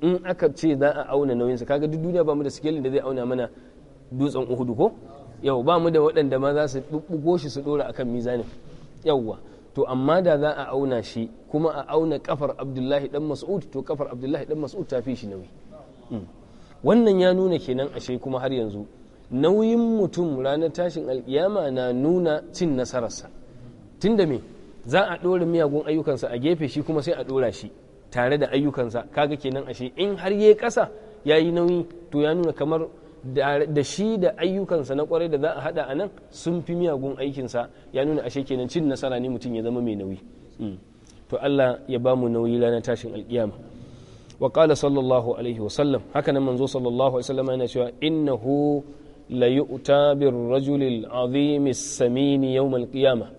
in aka ce za a auna nauyinsa kaga duk duniya ba mu da sikelin da zai auna mana dutsen uhudu ko yau ba mu da waɗanda ma za su bubbugo shi su dora akan mizanin yauwa to amma da za a auna shi kuma a auna kafar abdullahi dan mas'ud to kafar abdullahi dan mas'ud ta fi shi nauyi hmm. wannan ya nuna kenan ashe kuma har yanzu nauyin mutum ranar tashin alkiyama na nuna cin nasararsa tunda me za a ɗora miyagun ayyukansa a gefe shi kuma sai a ɗora shi tare da ayyukansa kaga kenan ashe in har yayi ya yi nauyi to ya nuna kamar da shi da ayyukansa na kwarai da za a hada a nan sun fi miyagun aikinsa ya nuna ashe kenan cin nasara ne mutum ya zama mai nauyi hmm. to Allah ya bamu mu nauyi ranar tashin alkiyama wa qala sallallahu alaihi wa sallam haka nan manzo sallallahu alaihi wa sallam yana cewa innahu la yu'ta bir rajulil azim as-samin yawm al-qiyamah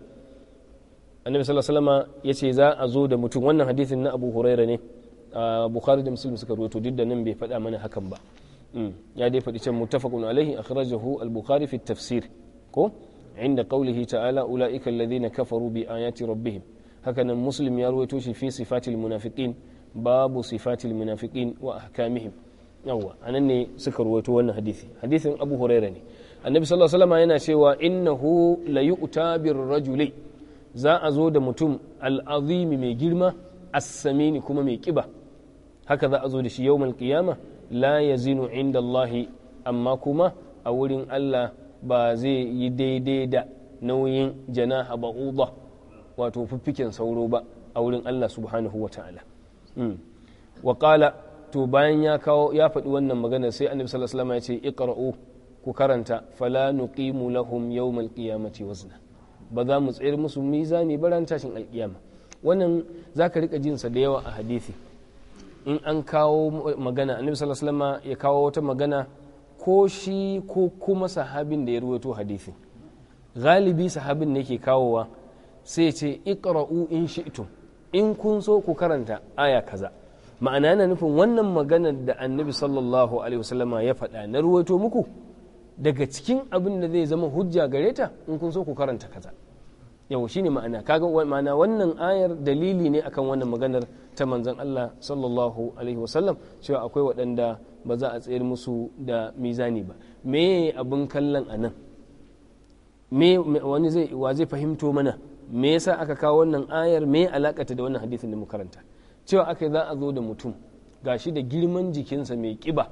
annabi sallallahu alaihi wasallam za a zo da mutum wannan hadisin na Abu Huraira ne Bukhari da Muslim suka rawaito duk da nan bai faɗa mana hakan ba mm. ya dai faɗi can muttafaqun alaihi akhrajahu al-Bukhari fi tafsir ko inda qawlihi ta'ala ulaika alladhina kafaru bi ayati rabbihim haka nan Muslim ya rawaito shi fi sifatil munafiqin babu sifatil munafiqin wa ahkamihim yawwa anan ne suka rawaito wannan hadisi hadisin Abu Huraira ne annabi sallallahu alaihi yana cewa innahu la yu'ta bir rajuli za a zo da mutum al'azimi mai girma assamini kuma mai kiba haka za a zo da shi yawmal qiyama la yazinu inda Allahi amma kuma a wurin Allah ba zai yi daidai da nauyin janaha ba. wato fiffiken sauro ba a wurin Allah subhanahu wa ta'ala hmm. wa to bayan ya kawo ya faɗi wannan magana sai annabi sallallahu alaihi wasallam ya ce iqra'u ku karanta fala nuqimu lahum yawmal qiyamati wazna ba za mu tsayar musu mizani ba ran tashin alkiyama wannan za ka rika jinsa da yawa a hadithi in an kawo magana annabi sallallahu alaihi wasallam ya kawo wata magana ko shi ko kuma sahabin da ya ruwaito hadithi galibi sahabin ne ke kawowa sai ce iqra'u in shi'tum in kun so ku karanta aya kaza ma'ana yana nufin wannan maganar da annabi sallallahu alaihi wasallama ya faɗa na ruwaito muku daga cikin abin da zai zama hujja gare ta in kun so ku karanta kaza yau shi ne ma'ana kaga ma'ana wannan ayar dalili ne akan wannan maganar ta manzon Allah sallallahu alaihi wasallam cewa akwai waɗanda ba za a tsayar musu da mizani ba me abin kallon nan? me wani wa zai fahimto mana me yasa aka kawo wannan ayar me alakata da wannan hadisin da mu karanta cewa aka za a zo da mutum gashi da girman jikinsa mai kiba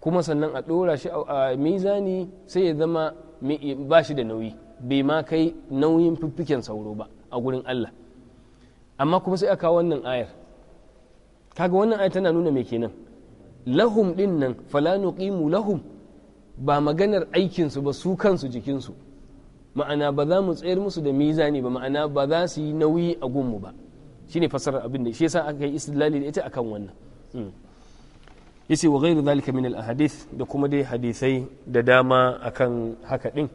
kuma sannan a ɗora shi a mizani sai ya zama ba shi da nauyi bai ma kai nauyin fiffiken sauro ba a gurin Allah amma kuma sai a aka wannan ayar kaga wannan ayar tana nuna me kenan lahum din nan fala kimu lahum ba maganar aikinsu ba su kansu jikinsu ma'ana ba za mu tsayar musu da mizani ba ma'ana ba za su yi nauyi a gunmu ba shine fasarar abin da shi yasa aka yi istidlali da ita akan wannan hmm. yace wa ghairu zalika min al-ahadith da kuma dai hadisai da dama akan haka din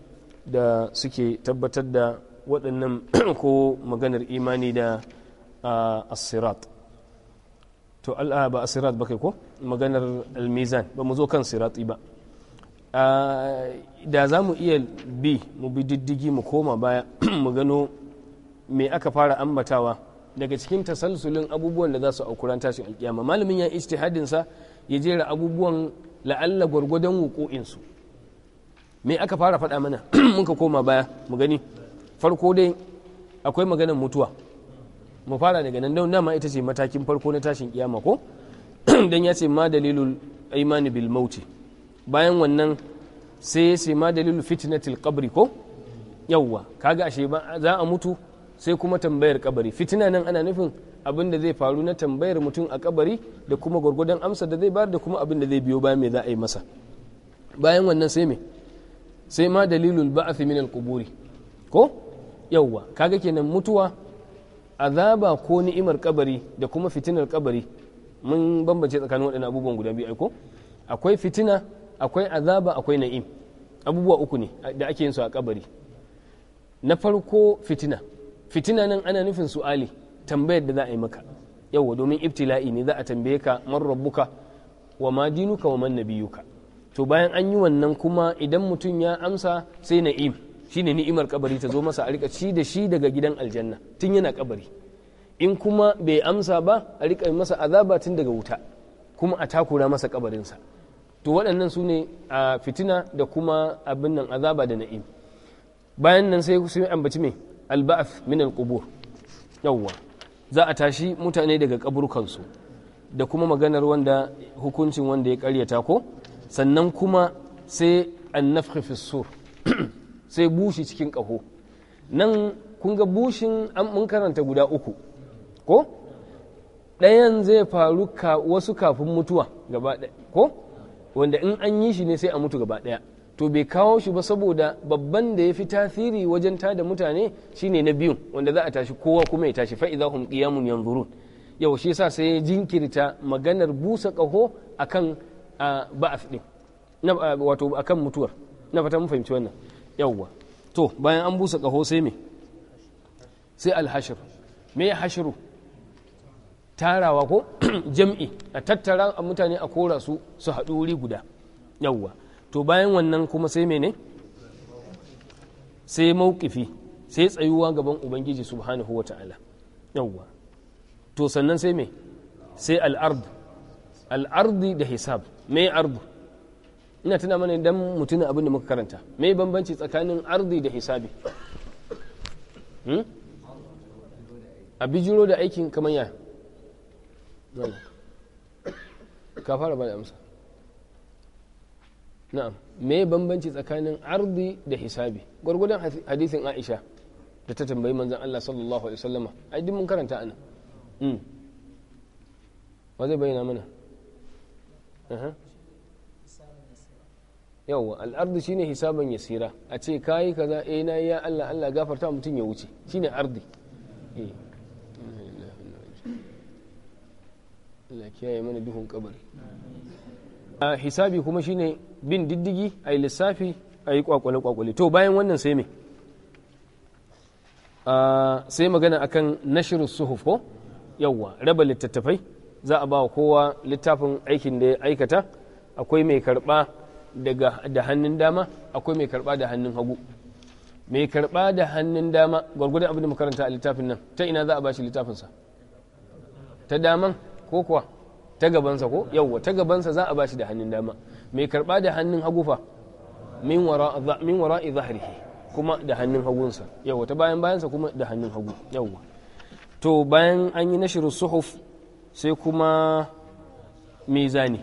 da suke tabbatar da waɗannan [CLEARS THROAT] ko maganar imani da as-sirat to al'a ba as-sirat ba kai ko maganar al-mizan ba mu zo kan sirati ba da za mu iya bi mu bi diddigi mu koma baya [CLEARS THROAT] mu gano me aka fara ambatawa daga cikin tasalsulin abubuwan da za su aukuran shi alƙiyama malamin ya ijtihadin sa ya jera abubuwan la'alla gwargwadon wuko'insu me aka fara faɗa mana [CLEARS THROAT] mun ka koma baya mu gani farko dai akwai maganar mutuwa mu fara daga nan don dama ita ce matakin farko na tashin kiyama ko [CLEARS THROAT] don ya ce ma dalilul imani bil mauti bayan wannan sai ya ce ma dalilul fitnatil qabri ko yawwa kaga ashe za a mutu sai kuma tambayar kabari fitina nan ana nufin abin da zai faru na tambayar mutum a kabari da kuma gwargwadon amsa da zai bayar da kuma abin da zai biyo bayan mai za a yi masa bayan wannan sai me sai ma dalilul ba'a min al-quburi ko yawwa kaga kenan mutuwa azaba ko ni'imar kabari da kuma fitinar kabari mun bambance tsakanin waɗannan abubuwan guda biyu aiko akwai fitina akwai azaba akwai na'im abubuwa uku ne da ake yin su a kabari na farko fitina fitina nan ana nufin su'ali tambayar da za a yi maka yawwa domin ibtila'i ne za a tambaye ka man rabbuka wa ma dinuka wa man nabiyuka to bayan an yi wannan kuma idan mutum ya amsa sai na'im shine ni'imar kabari ta zo masa a rika ci da shi daga gidan aljanna tun yana kabari in kuma bai amsa ba a rika masa azaba tun daga wuta kuma a takura masa kabarinsa to waɗannan su ne a fitina da kuma abin nan azaba da na'im bayan nan sai sun ambaci me alba'af min alqubur yawwa za a tashi mutane daga kaburkansu da kuma maganar wanda hukuncin wanda ya karyata ko sannan kuma sai an fi [CLEARS THROAT] sai bushi cikin kaho nan kun ga bushin an mun karanta guda uku ko ɗayan zai faru wasu kafin mutuwa gaba ɗaya ko wanda in an yi shi ne sai a mutu gaba ɗaya to bai kawo shi ba saboda babban da ya fi tasiri wajen tada mutane shine na biyu wanda za a tashi kowa kuma ya tashi fa'iza hum qiyamun yanzurun yau shi yasa sai ya jinkirta maganar busa kaho akan ba'ath din na wato akan mutuwar na fata mun fahimci wannan yawwa to bayan an busa kaho sai me sai alhashir me hashiru tarawa ko [CLEARS THROAT] jam'i a tattara mutane a kora su su haɗu wuri guda yawwa to bayan wannan kuma sai mene sai mawkifi sai tsayuwa gaban ubangiji subhanahu wata'ala yawwa to sannan sai me sai al'ard al'ardi da hisab me ardu ina tuna mana idan mutumin abin da muka karanta me bambanci tsakanin ardi da hisabi hmm? a bijiro da aikin kamar ya ka fara ba da amsa na'am me bambanci tsakanin ardi da hisabi gwargwadon hadisin aisha da ta tambayi manzan Allah sallallahu alaihi wasallama ai duk mun karanta ana um mm. wa zai bayyana mana yawwa al'ardu shine hisaban yasira a ce kayi kaza eh na ya Allah Allah gafarta mutum ya wuce shine ardi eh. Allah kiyaye mana duhun kabari a hisabi kuma shine bin diddigi a yi lissafi a yi kwakwale-kwakwale to bayan wannan sai me sai magana akan nashirin suhuf ko yawwa raba littattafai za a ba wa kowa littafin aikin da ya aikata akwai mai karba da hannun dama akwai mai karba da hannun hagu mai karba da hannun dama gwargwadon abin da makaranta a littafin nan ta ina za a ba shi littafinsa ta daman ko kuwa ta gabansa ko yawwa ta gabansa za a bashi da hannun dama mai karba da hannun hagu fa min wara'i zahrihi kuma da hannun hagunsa yawwa ta bayan bayansa kuma da hannun hagu yauwa to bayan an yi nashiru suhuf sai kuma mizani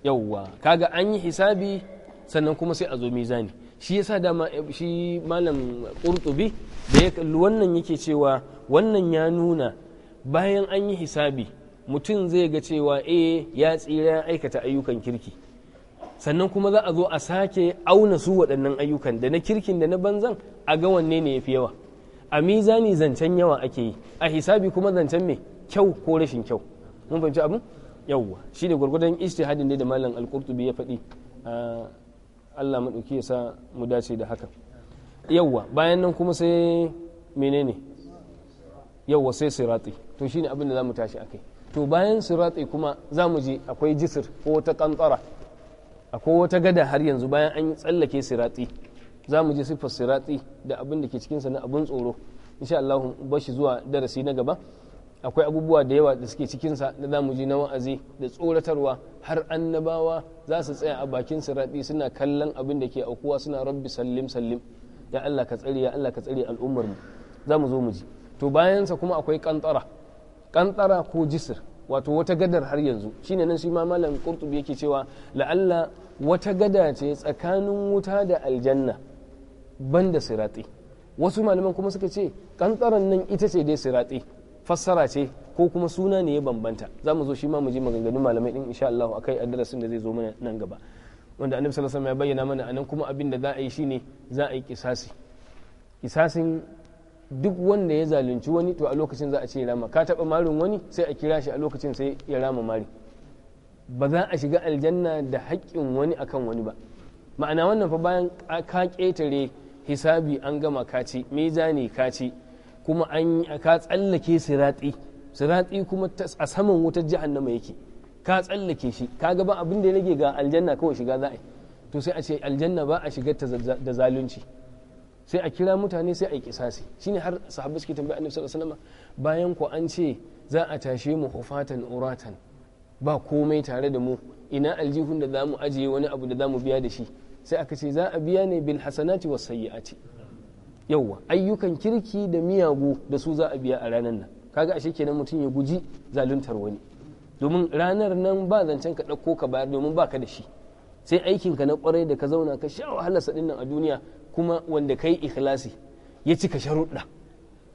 yawwa kaga an yi hisabi sannan kuma sai a zo mizani shi yasa dama shi malam qurtubi da wannan yake cewa wannan ya nuna bayan an yi hisabi mutum zai ga cewa eh ya tsira ya aikata ayyukan kirki sannan kuma za a zo a sake auna su waɗannan ayyukan da na kirkin da na banzan a ga wanne ne ya fi yawa a mizani zancen yawa ake yi a hisabi kuma zancen mai kyau ko rashin kyau mun fahimci abu yawwa shine gwargwadon ijtihadin ne da malam al-qurtubi ya faɗi ah, Allah maɗauki ya sa mu dace da haka yawwa bayan nan kuma sai menene yawwa sai sirati to shine abin da za mu tashi a kai. to bayan siratsi kuma za mu je akwai jisir ko wata kantsara akwai wata gada har yanzu bayan an tsallake siratsi za mu je siffar siratsi da abin da ke cikinsa na abin tsoro insha Allah bashi zuwa darasi na gaba akwai abubuwa da yawa da suke cikinsa da za mu je na wa'azi da tsoratarwa har annabawa za su tsaya a bakin siraɗi suna kallon abin da ke aukuwa suna rabbi sallim sallim ya Allah ka tsare ya Allah ka tsare al'ummar mu za mu zo mu ji to bayan sa kuma akwai kantara kantara ko jisir wato wata gadar har yanzu shine nan shi ma malam qurtubi yake cewa la'alla wata gada ce tsakanin wuta da aljanna banda sirati wasu malaman kuma suka ce kantaran nan ita ce dai sirati fassara ce ko kuma suna ne ya bambanta za mu zo shi ma mu ji maganganun malamai din insha Allah akai addressin da zai zo mana nan gaba wanda annabi sallallahu alaihi wasallam ya bayyana mana anan kuma abin da za a yi shine za a yi kisasi kisasin duk wanda ya zalunci wani to a lokacin za a ce rama ka taba marin wani sai a kira shi a lokacin sai ya rama mari ba za a shiga aljanna da haƙƙin wani akan wani ba ma'ana wannan fa bayan ka ƙetare hisabi an gama kaci ne kaci kuma an ka tsallake siratsi siratsi kuma a saman wutar jahannama yake ka tsallake shi ka ga ba abin da ya rage ga aljanna kawai shiga za a yi to sai a ce aljanna ba a ta da zalunci sai a kira mutane sai a yi kisasi shine har sahabbai suke tambaya annabi sallallahu alaihi wasallam bayan ku an ce za a tashe mu hufatan uratan ba komai tare da mu ina aljihun da zamu ajiye wani abu da za mu biya da shi sai aka ce za a biya ne bil hasanati was sayyiati yawwa ayyukan kirki da miyagu da su za a biya a ranar nan kaga ashe kenan mutum ya guji zaluntar wani domin ranar nan ba zancen ka dauko ka bayar domin baka da shi sai aikin ka na kwarai da ka zauna ka sha wahalar sadin nan a duniya kuma wanda kai ikhlasi ya cika sharuɗa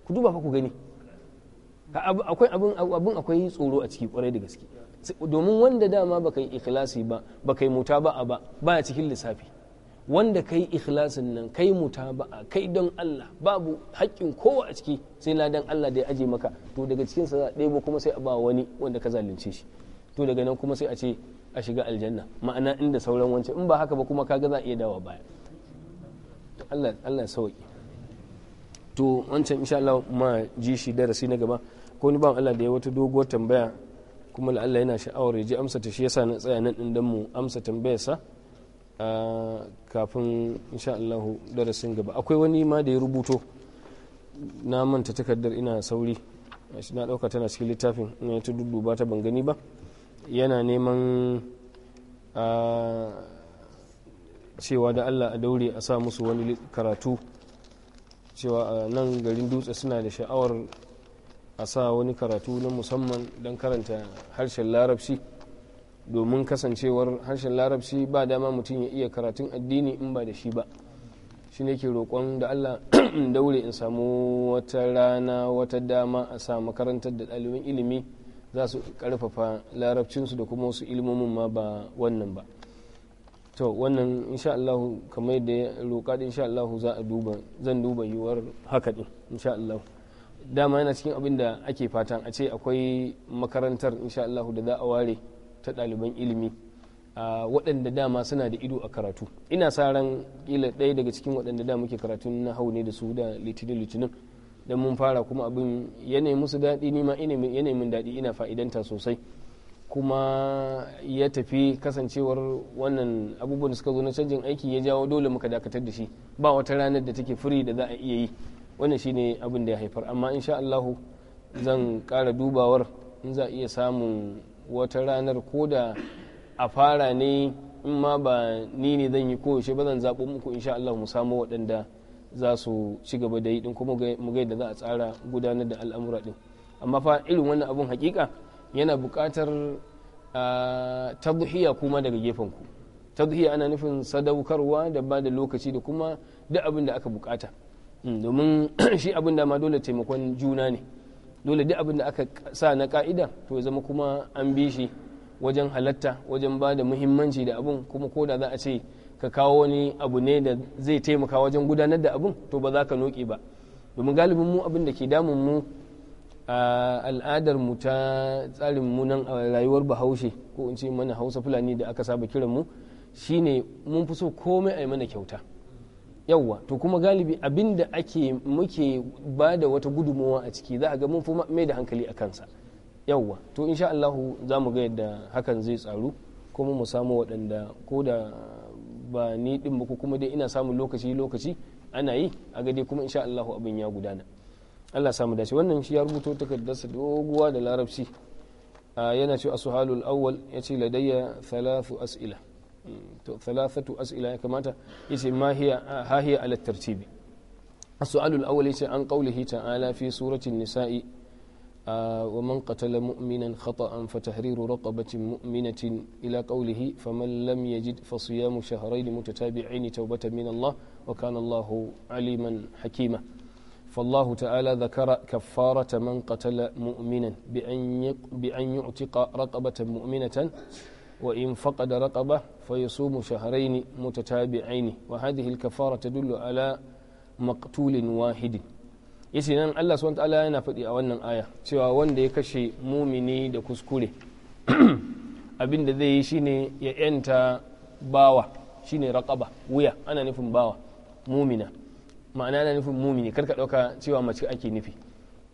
ku duba fa ku gani akwai abin akwai tsoro a ciki kwarai da gaske domin wanda dama baka yi ikhlasi ba baka yi mutaba'a ba ba baya cikin lissafi wanda kai ikhlasin nan kai ba a kai don Allah babu haƙƙin kowa a ciki sai ladan Allah da ya aje maka to daga cikin sa za a kuma sai a ba wani wanda ka zalunce shi to daga nan kuma sai a ce a shiga aljanna ma'ana inda sauran wancan in ba haka ba kuma kaga za a iya dawa baya Allah Allah sauki to wancan insha Allah ma ji shi darasi na gaba ko ni ban Allah da ya wata doguwar tambaya kuma Allah yana sha'awar ya ji amsa ta shi yasa na tsaya nan din dan mu amsa tambayar sa kafin insha Allah darasin gaba akwai wani ma da ya rubuto na manta takardar ina sauri shi na dauka tana cikin littafin ina ta dudduba ta ban gani ba yana neman cewa da allah a daure a sa musu wani karatu cewa a nan garin dutse suna da sha'awar a sa wani karatu na musamman don karanta harshen larabci domin kasancewar harshen larabci ba dama mutum ya iya karatun addini in ba da shi ba shi ne ke roƙon da allah daure in samu wata rana wata dama a sa makarantar da ɗaliban ilimi za su ƙarfafa larabcinsu da kuma wasu ilmomin ma ba wannan ba to wannan insha Allah kamar da ya roƙa da insha Allah za a duba zan duba yiwuwar haka din insha Allah dama yana cikin abin da ake fatan a ce akwai makarantar insha Allah da za a ware ta ɗaliban ilimi a waɗanda dama suna da ido a karatu ina sa ran kila ɗaya daga cikin waɗanda da muke karatu na hau ne da su da litinin litinin dan mun fara kuma abin yanayi musu daɗi ni ma yanayi min daɗi ina fa'idanta sosai kuma ya tafi kasancewar wannan abubuwan da suka zo na canjin aiki ya jawo dole muka dakatar da shi ba wata ranar da take firi da za a iya yi wannan shine abin da ya haifar amma insha Allahu zan kara dubawar in za a iya samun wata ranar ko da a fara ne in ma ba ni ne zan yi koyaushe ba zan zaɓo muku insha Allah mu samu waɗanda za su ci gaba da yi din kuma mu ga yadda za a tsara gudanar da al'amura din amma fa irin wannan abun haƙiƙa. yana buƙatar duhiya kuma daga gefen ku duhiya ana nufin sadaukarwa da ba da lokaci da kuma duk abin da aka buƙata hmm, domin [CLEARS THROAT] shi abin da ma dole taimakon juna ne dole duk abin da aka sa na ka'ida to zama kuma an bi shi wajen halatta wajen ba da muhimmanci da abun kuma ko da za a ce ka kawo wani abu ne da zai taimaka wajen gudanar da abin to ba za ka noke ba domin galibin mu abin da ke damun mu a al'adar mu ta tsarin mu nan a rayuwar bahaushe ko in ce mana hausa fulani da aka saba kiran mu shine mun fi so komai a yi mana kyauta yawwa to kuma galibi abin da ake muke ba da wata gudumawa a ciki za a ga mun fi mai da hankali a kansa yawwa to insha Allahu za mu ga yadda hakan zai tsaru kuma mu samu waɗanda ko da ba ni ɗin ba kuma dai ina samun lokaci lokaci ana yi a ga dai kuma insha Allahu abin ya gudana Allah samu dace wannan shi ya rubuto takardarsa doguwa da larabci yana cewa suhalul awwal ya ce ladayya thalathu as'ila hmm, to thalathatu as'ila ya kamata yace ma ha hiya ala tartibi as-su'alul awwal yace an qawlihi ta'ala fi suratin nisai wa man qatala mu'minan khata'an fa tahriru raqabatin mu'minatin ila qawlihi faman lam yajid fa siyamu shahrayn mutatabi'ain tawbatan min Allah wa kana Allahu aliman hakima فالله تعالى ذكر كفارة من قتل مؤمنا بأن يعتق رقبة مؤمنة وإن فقد رقبة فيصوم شهرين متتابعين وهذه الكفارة تدل على مقتول واحد yace nan Allah subhanahu ta'ala yana faɗi a wannan aya cewa wanda ya kashe mumini da kuskure abinda zai yi shine ya yanta bawa shine raqaba wuya ana nufin bawa mumina ma'ana na nufin mumini kar ka ɗauka cewa mace ake nufi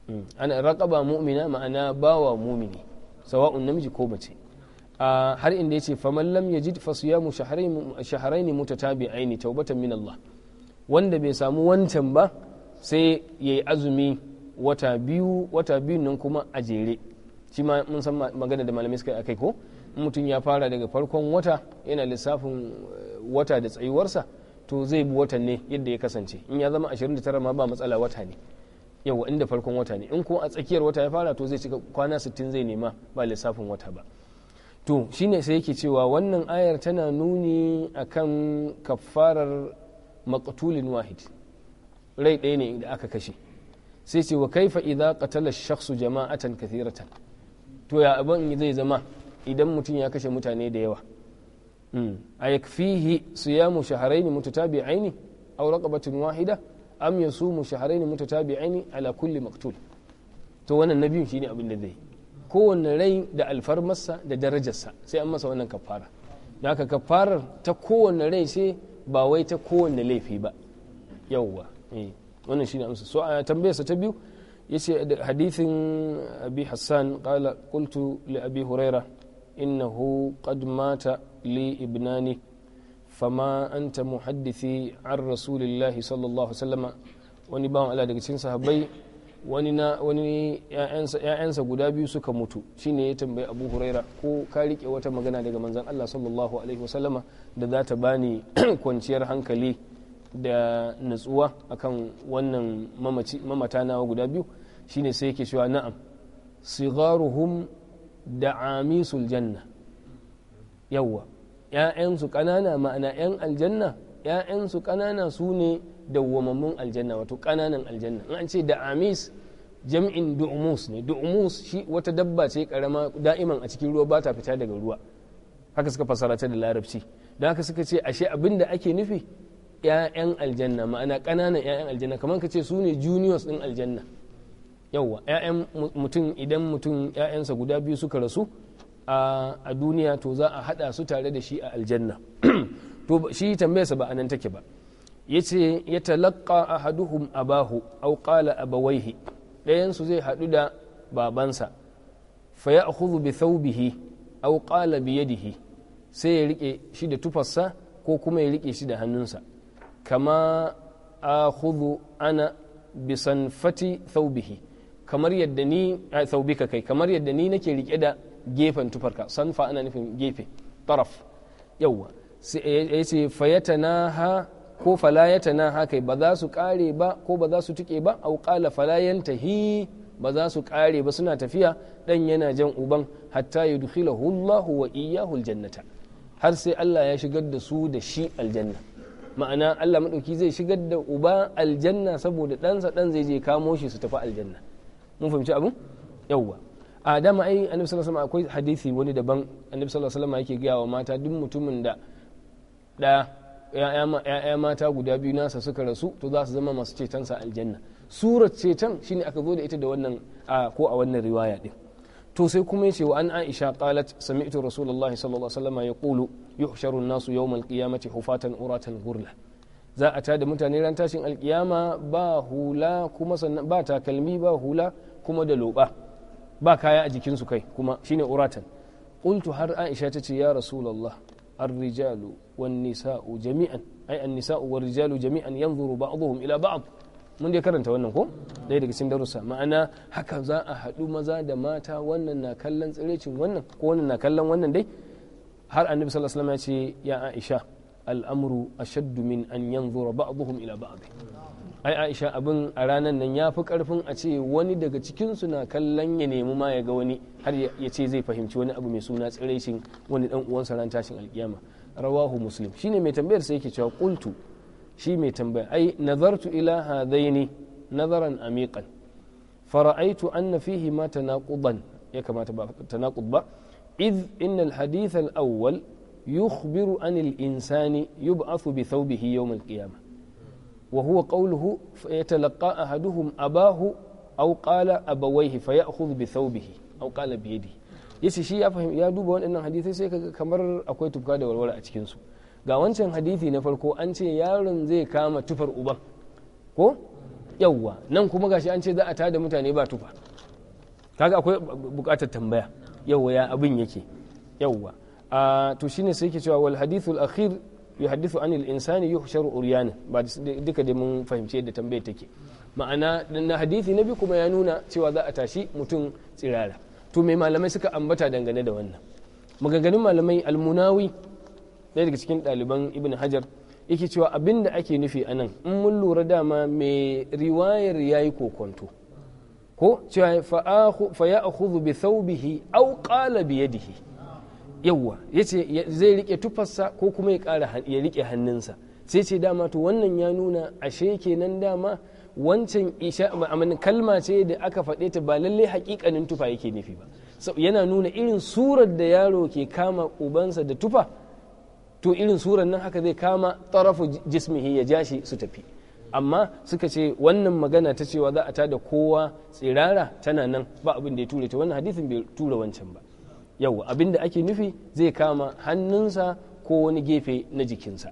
mm. ana raƙaba mumina ma'ana bawa mumini sawa'un namiji ko mace har inda ya yace faman lam shaharai ne siyamu ta aini taubatan min Allah wanda bai samu wancan ba sai ya yi azumi wata biyu wata biyun nan kuma a jere shi ma mun san magana da malamai suka akai ko mutum ya fara daga farkon wata yana lissafin eh, wata da tsayuwarsa to zai bi watan ne yadda ya kasance in ya zama 29 ma ba matsala wata ne yawa inda farkon wata ne in ko a tsakiyar wata ya fara to zai cika kwana 60 zai nema ba lissafin wata ba to shine sai yake cewa wannan ayar tana nuni akan kafarar maqtulin wahid rai ɗaya ne da aka kashe sai ce wa kaifa idza qatala shakhsu jama'atan kathiratan to ya abin zai zama idan mutum ya kashe mutane da yawa Mm. a yakfihi siyamu shahrayn mutatabi'ain aw raqabatin wahida am yasumu shahrayn mutatabi'ain ala kulli maktul to wannan nabiyin shine abin da zai kowanne rai da alfarmarsa da darajarsa sai an masa wannan kafara da haka kafarar ta kowanne rai sai ba wai ta kowanne laifi ba yawwa eh, wannan shine amsa so a tambayarsa ta biyu yace hadithin abi hassan kala qultu li abi huraira innahu qad mata لابنانه فما أنت محدثي عن رسول الله صلى الله عليه وسلم wani bawan Allah daga cikin sahabbai wani na wani guda biyu suka mutu shine ya tambayi Abu Huraira ko ka rike wata magana daga manzon Allah sallallahu alaihi wasallama da zata ta bani [CLEARS THROAT] kwanciyar hankali da natsuwa akan wannan mamaci mamata nawa guda biyu shine sai yake cewa na'am sigaruhum da amisul janna yawwa ‘ya'yansu ƙanana ma'ana ‘yan aljanna ‘ya'yansu ƙanana su ne dawwamammun aljanna wato ƙananan aljanna in an ce da amis jam'in du'umus ne du'umus shi wata dabba ce karama da'iman a cikin ruwa ba ta fita daga ruwa haka suka fasara ta da larabci da haka suka ce ashe abin da ake nufi ‘ya'yan aljanna ma'ana ƙananan ‘ya'yan aljanna kamar ka ce su ne juniors ɗin aljanna yawwa ‘ya'yan mutum idan mutum ‘ya'yansa guda biyu suka rasu a duniya to za a hada su tare da shi a aljanna [CLEARS THROAT] to shi tambayarsa ba a anan take ba Ya ce ya a ahaduhum abahu au qala abawaihi ɗayan su zai hadu da babansa fa ya'khudhu bi thawbihi au qala bi sai ya rike shi da tufarsa ko kuma ya rike shi da hannunsa kama akhudhu ana bi sanfati thawbihi kamar yadda ni kai kamar yadda ni nake rike da gefen tufarka sanfa ana nufin gefe taraf yawwa ya ce fayata na ha ko falayata na ha kai ba za su kare ba ko ba za su tuke ba au kala falayanta hi ba za su kare ba suna tafiya dan yana jan uban hatta dukila Allahu wa iyyahu aljannata har sai Allah ya shigar da su da shi aljanna ma'ana Allah madauki zai shigar da uba aljanna saboda ɗansa ɗan zai je kamo shi su tafi aljanna mun fahimci abin yawwa a dama ai annabi sallallahu alaihi akwai hadisi wani daban annabi sallallahu alaihi yake gaya wa mata duk mutumin da da ya'ya mata guda biyu nasa suka rasu to za su zama masu sa aljanna surar ceton shine aka zo da ita da wannan ko a wannan riwaya din to sai kuma yace wa an aisha qalat sami'tu rasulullahi sallallahu alaihi wasallam yaqulu yuhsharu an-nasu yawm al-qiyamati hufatan uratan gurla za a tada mutane ran tashin alkiyama ba hula kuma sannan ba takalmi ba hula kuma da loba ba kaya a jikinsu kai kuma shine uratan qultu har aisha ta ce ya rasulullah ar-rijalu wan nisa'u jami'an ai an-nisa'u war rijalu jami'an yanzuru ba'dhum ila ba'd mun dai karanta wannan ko dai daga cikin darussa ma'ana haka za a haɗu maza da mata wannan na kallon tsirecin wannan ko wannan na kallon wannan dai har annabi sallallahu alaihi wasallam ya ce ya aisha al'amru ashaddu min an yanzura ba'dhum ila ba'd ai aisha abin a ranar nan ya fi karfin a ce wani daga cikinsu na kallon ya nemi ma ya ga wani har ya ce zai fahimci wani abu mai suna tsiraicin wani dan uwansa ran tashin alkiyama rawahu muslim shine mai tambayar sai yake cewa kultu shi mai tambaya ai nazartu ila hadaini nazaran amiqan fara'aitu anna fihi ma tanaqudan ya kamata ba tanaqud ba إذ إن الحديث awwal. يخبر عن الإنسان يبعث بثوبه يوم القيامة وهو قوله فيتلقى أحدهم أباه أو قال أبويه فيأخذ بثوبه أw kala biyadi yace shi ya fahimta ya duba waɗannan hadisai sai kaga kamar akwai tufka da walwala a cikin su ga wancan hadisi na farko an ce yaron zai kama tufar uban ko yawwa nan kuma gashi an ce za a tada mutane ba tufa kaga akwai bukatar tambaya yawwa ya abin yake yawwa Ah, to shine sai yake cewa wal hadithul akhir yuhaddithu anil insani yuhsharu uryana ba duka da mun fahimci yadda tambayar take ma'ana na hadithi na biyu kuma ya nuna cewa za a tashi mutum tsirara to mai malamai suka ambata dangane da wannan maganganun malamai almunawi ɗaya daga cikin ɗaliban ibn hajar yake cewa abin da ake nufi anan, in mun lura dama mai riwayar ya yi kokonto ko cewa fa ya bi thawbihi aw qala bi yadihi yawwa yace zai rike tufarsa ko kuma ya kara ya rike hannunsa sai ce dama to wannan ya nuna ashe kenan dama wancan isha kalma ce da aka faɗe ta ba lallai hakikanin tufa yake nufi ba yana nuna irin surar da yaro ke kama ubansa da tufa to irin surar nan haka zai kama tarafu jismihi ya jashi su tafi amma suka ce wannan magana ta cewa za a tada kowa tsirara tana nan ba abin da ya ture ta wannan hadisin bai tura wancan ba yau da ake nufi zai kama hannunsa ko wani gefe na jikinsa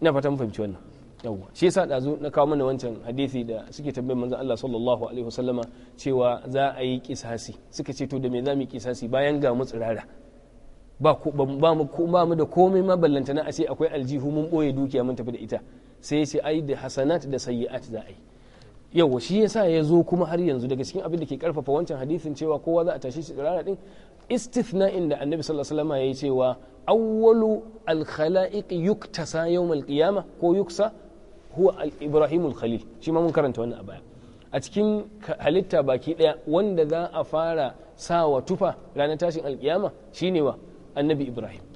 ina fatan fahimci wannan yawwa shi yasa dazu na kawo mana wancan hadisi da suke tambayar manzon Allah sallallahu alaihi wasallama cewa za a yi kisasi suka ce to da me za mu yi kisasi bayan ga mu tsirara ba mu da komai ma ballantana a ce akwai aljihu mun boye dukiya mun tafi da ita sai sai ai da hasanat da sayyi'at za a yi yawa shi yasa ya zo kuma har yanzu daga cikin abin da ke karfafa wancan hadisin cewa kowa za a tashi shi tsirara din istithna'in da annabi sallallahu alaihi wasallam yayi cewa awwalu al-khala'iq yuktasa yawm al-qiyama ko yuksa huwa al-ibrahim al-khalil shi ma mun karanta wannan a baya a cikin halitta baki daya wanda za a fara sawa tufa ranar tashin alkiyama shine wa annabi ibrahim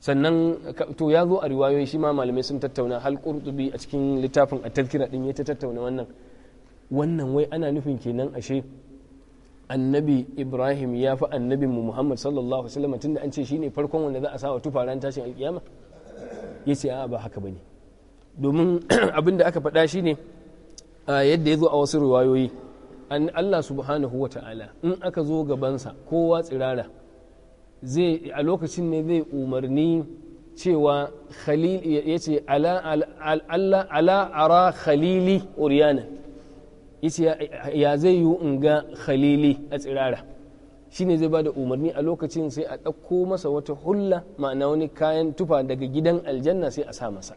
sannan to ya zo a riwayoyi shi ma malamai sun tattauna hal qurtubi a cikin littafin at-tazkira din ya tattauna wannan wannan wai ana nufin kenan ashe annabi ibrahim ya fi annabin mu muhammad sallallahu alaihi wasallam tunda an ce shine farkon wanda za a sa wa ran tashin alkiyama yace a'a ba haka bane domin [CLEARS THROAT] abin da aka faɗa shine yadda ya zo a wasu riwayoyi an Allah subhanahu wa ta'ala in aka zo gaban sa kowa tsirara zai a lokacin ne zai umarni cewa khalil yace ala ala ara khalili uriyana ya zai yi in ga khalili a tsirara shine zai bada umarni a lokacin sai a ɗauko masa wata hulla ma'ana wani kayan tufa daga gidan aljanna sai a sa masa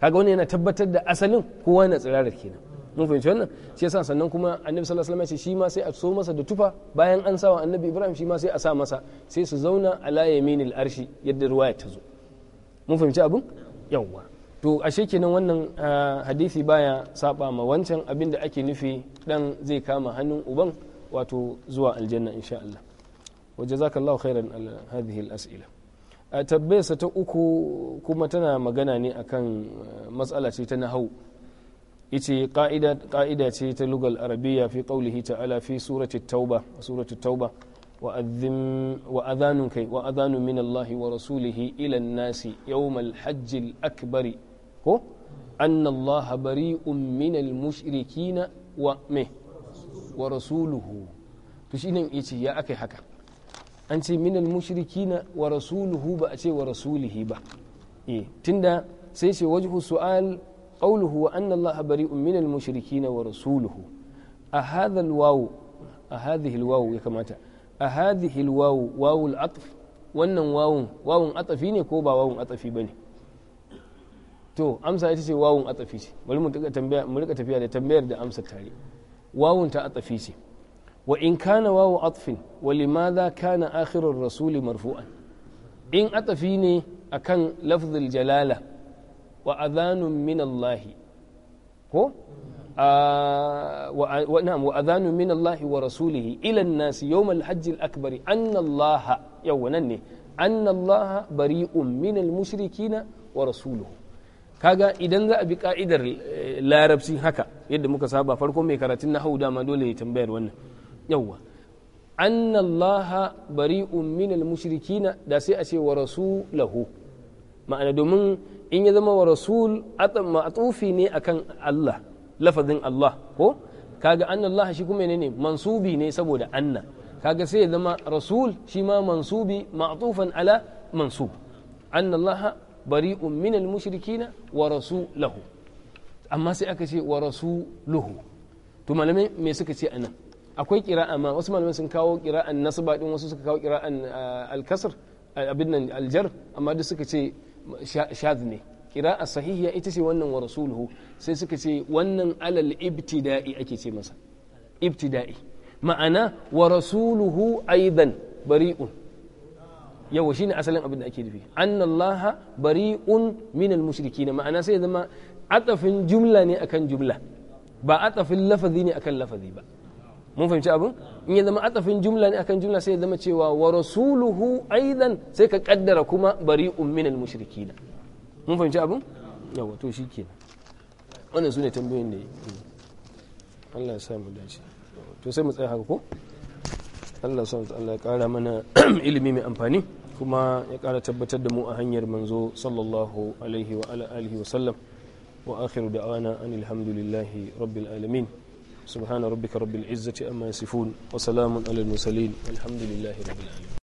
kaga wani yana tabbatar da asalin kowa na tsirarar kenan mun fahimci wannan shi yasa sannan kuma annabi sallallahu alaihi wasallam ya ce shi ma sai a so masa da tufa bayan an sawa annabi ibrahim shi ma sai a sa masa sai su zauna ala yaminil arshi yadda ruwaya ta zo mun fahimci abin yawwa to ashe kenan wannan ah, hadisi baya saba ma wancan abin da ake nufi dan zai kama hannun uban wato zuwa aljanna insha Allah wa jazakallahu khairan ala hadhihi al-as'ila a ah, tabbayarsa ta uku kuma tana magana ne akan ah, matsala ce ta nahau yace ka'ida ƙa'ida ce ta lugal arabiyya fi qawlihi ta'ala fi surati tauba surati tauba وأذان كي وأذان من الله ورسوله إلى الناس يوم الحج الأكبر ko anna allaha bari'un minal mushrikina wa me wa rasuluhu to shine yace ya akai haka an ce minal mushrikina wa rasuluhu ba a ce wa rasulihi ba eh tunda sai ce wajhu su'al qawluhu wa anna allaha bari'un minal mushrikina wa rasuluhu a hadha alwaw a hadhihi alwaw ya kamata a hadhihi alwaw waw al'atf wannan wawun wawun atafi ne ko ba wawun atafi bane to amsa ita ce wawun atsafi ce bari mu rika tafiya da tambayar da amsa tare wawun ta atsafi ce wa in kana wawu atfin wa limadha kana akhirur rasuli marfu'an in atsafi ne akan lafzul jalala wa adhanun min Allah ko wa na'am wa adhanun min Allah wa rasulihi ila an-nas yawm al-hajj al-akbar anna Allah yawnan ne anna Allah bari'un min al-mushrikina wa rasuluhu kaga idan za a bi ka'idar eh, larabci haka yadda muka saba farko mai karatun na hau dama dole ya tambayar wannan yawwa annallaha bari'un minal mushrikina da sai a ce wa rasulahu ma'ana domin in ya zama wa rasul ne akan Allah lafazin Allah ko kaga annallaha shi kuma ne mansubi ne saboda anna kaga sai ya zama rasul shi ma mansubi ma'tufan ala mansub annallaha bari'un minal mushrikina wa rasulahu amma sai aka ce wa rasuluhu to malamai me suka ce anan akwai kira'a ma wasu malamai sun kawo kira'an nasaba din wasu suka kawo kira'an ah, al-kasr abin nan aljar amma duk suka ce shadh ne kira'a sahihiya ita ce wannan wa rasuluhu sai suka ce wannan alal ibtida'i ake ce masa ibtida'i ma'ana wa rasuluhu aidan bari'un yawa shine asalin abin da ake nufi annallaha bari'un minal mushrikin ma'ana sai zama atafin jumla ne akan jumla ba atafin lafazi ne akan lafazi ba mun fahimci abin in ya zama atafin jumla ne akan jumla sai ya zama cewa wa rasuluhu aidan sai ka kaddara kuma bari'un minal mushrikin mun fahimci abin yawa to shikenan wannan sune tambayoyin da Allah ya sa mu dace to sai mu tsaya haka ko Allah son Allah ya kara mana [CLEARS THROAT] ilimi mai amfani kuma ya kara tabbatar da mu a hanyar manzo sallallahu alaihi wa ala alihi wa sallam wa akhiru da'wana anil hamdulillahi rabbil alamin subhana rabbika rabbil izzati amma yasifun wa salamun alal mursalin alhamdulillahi rabbil alamin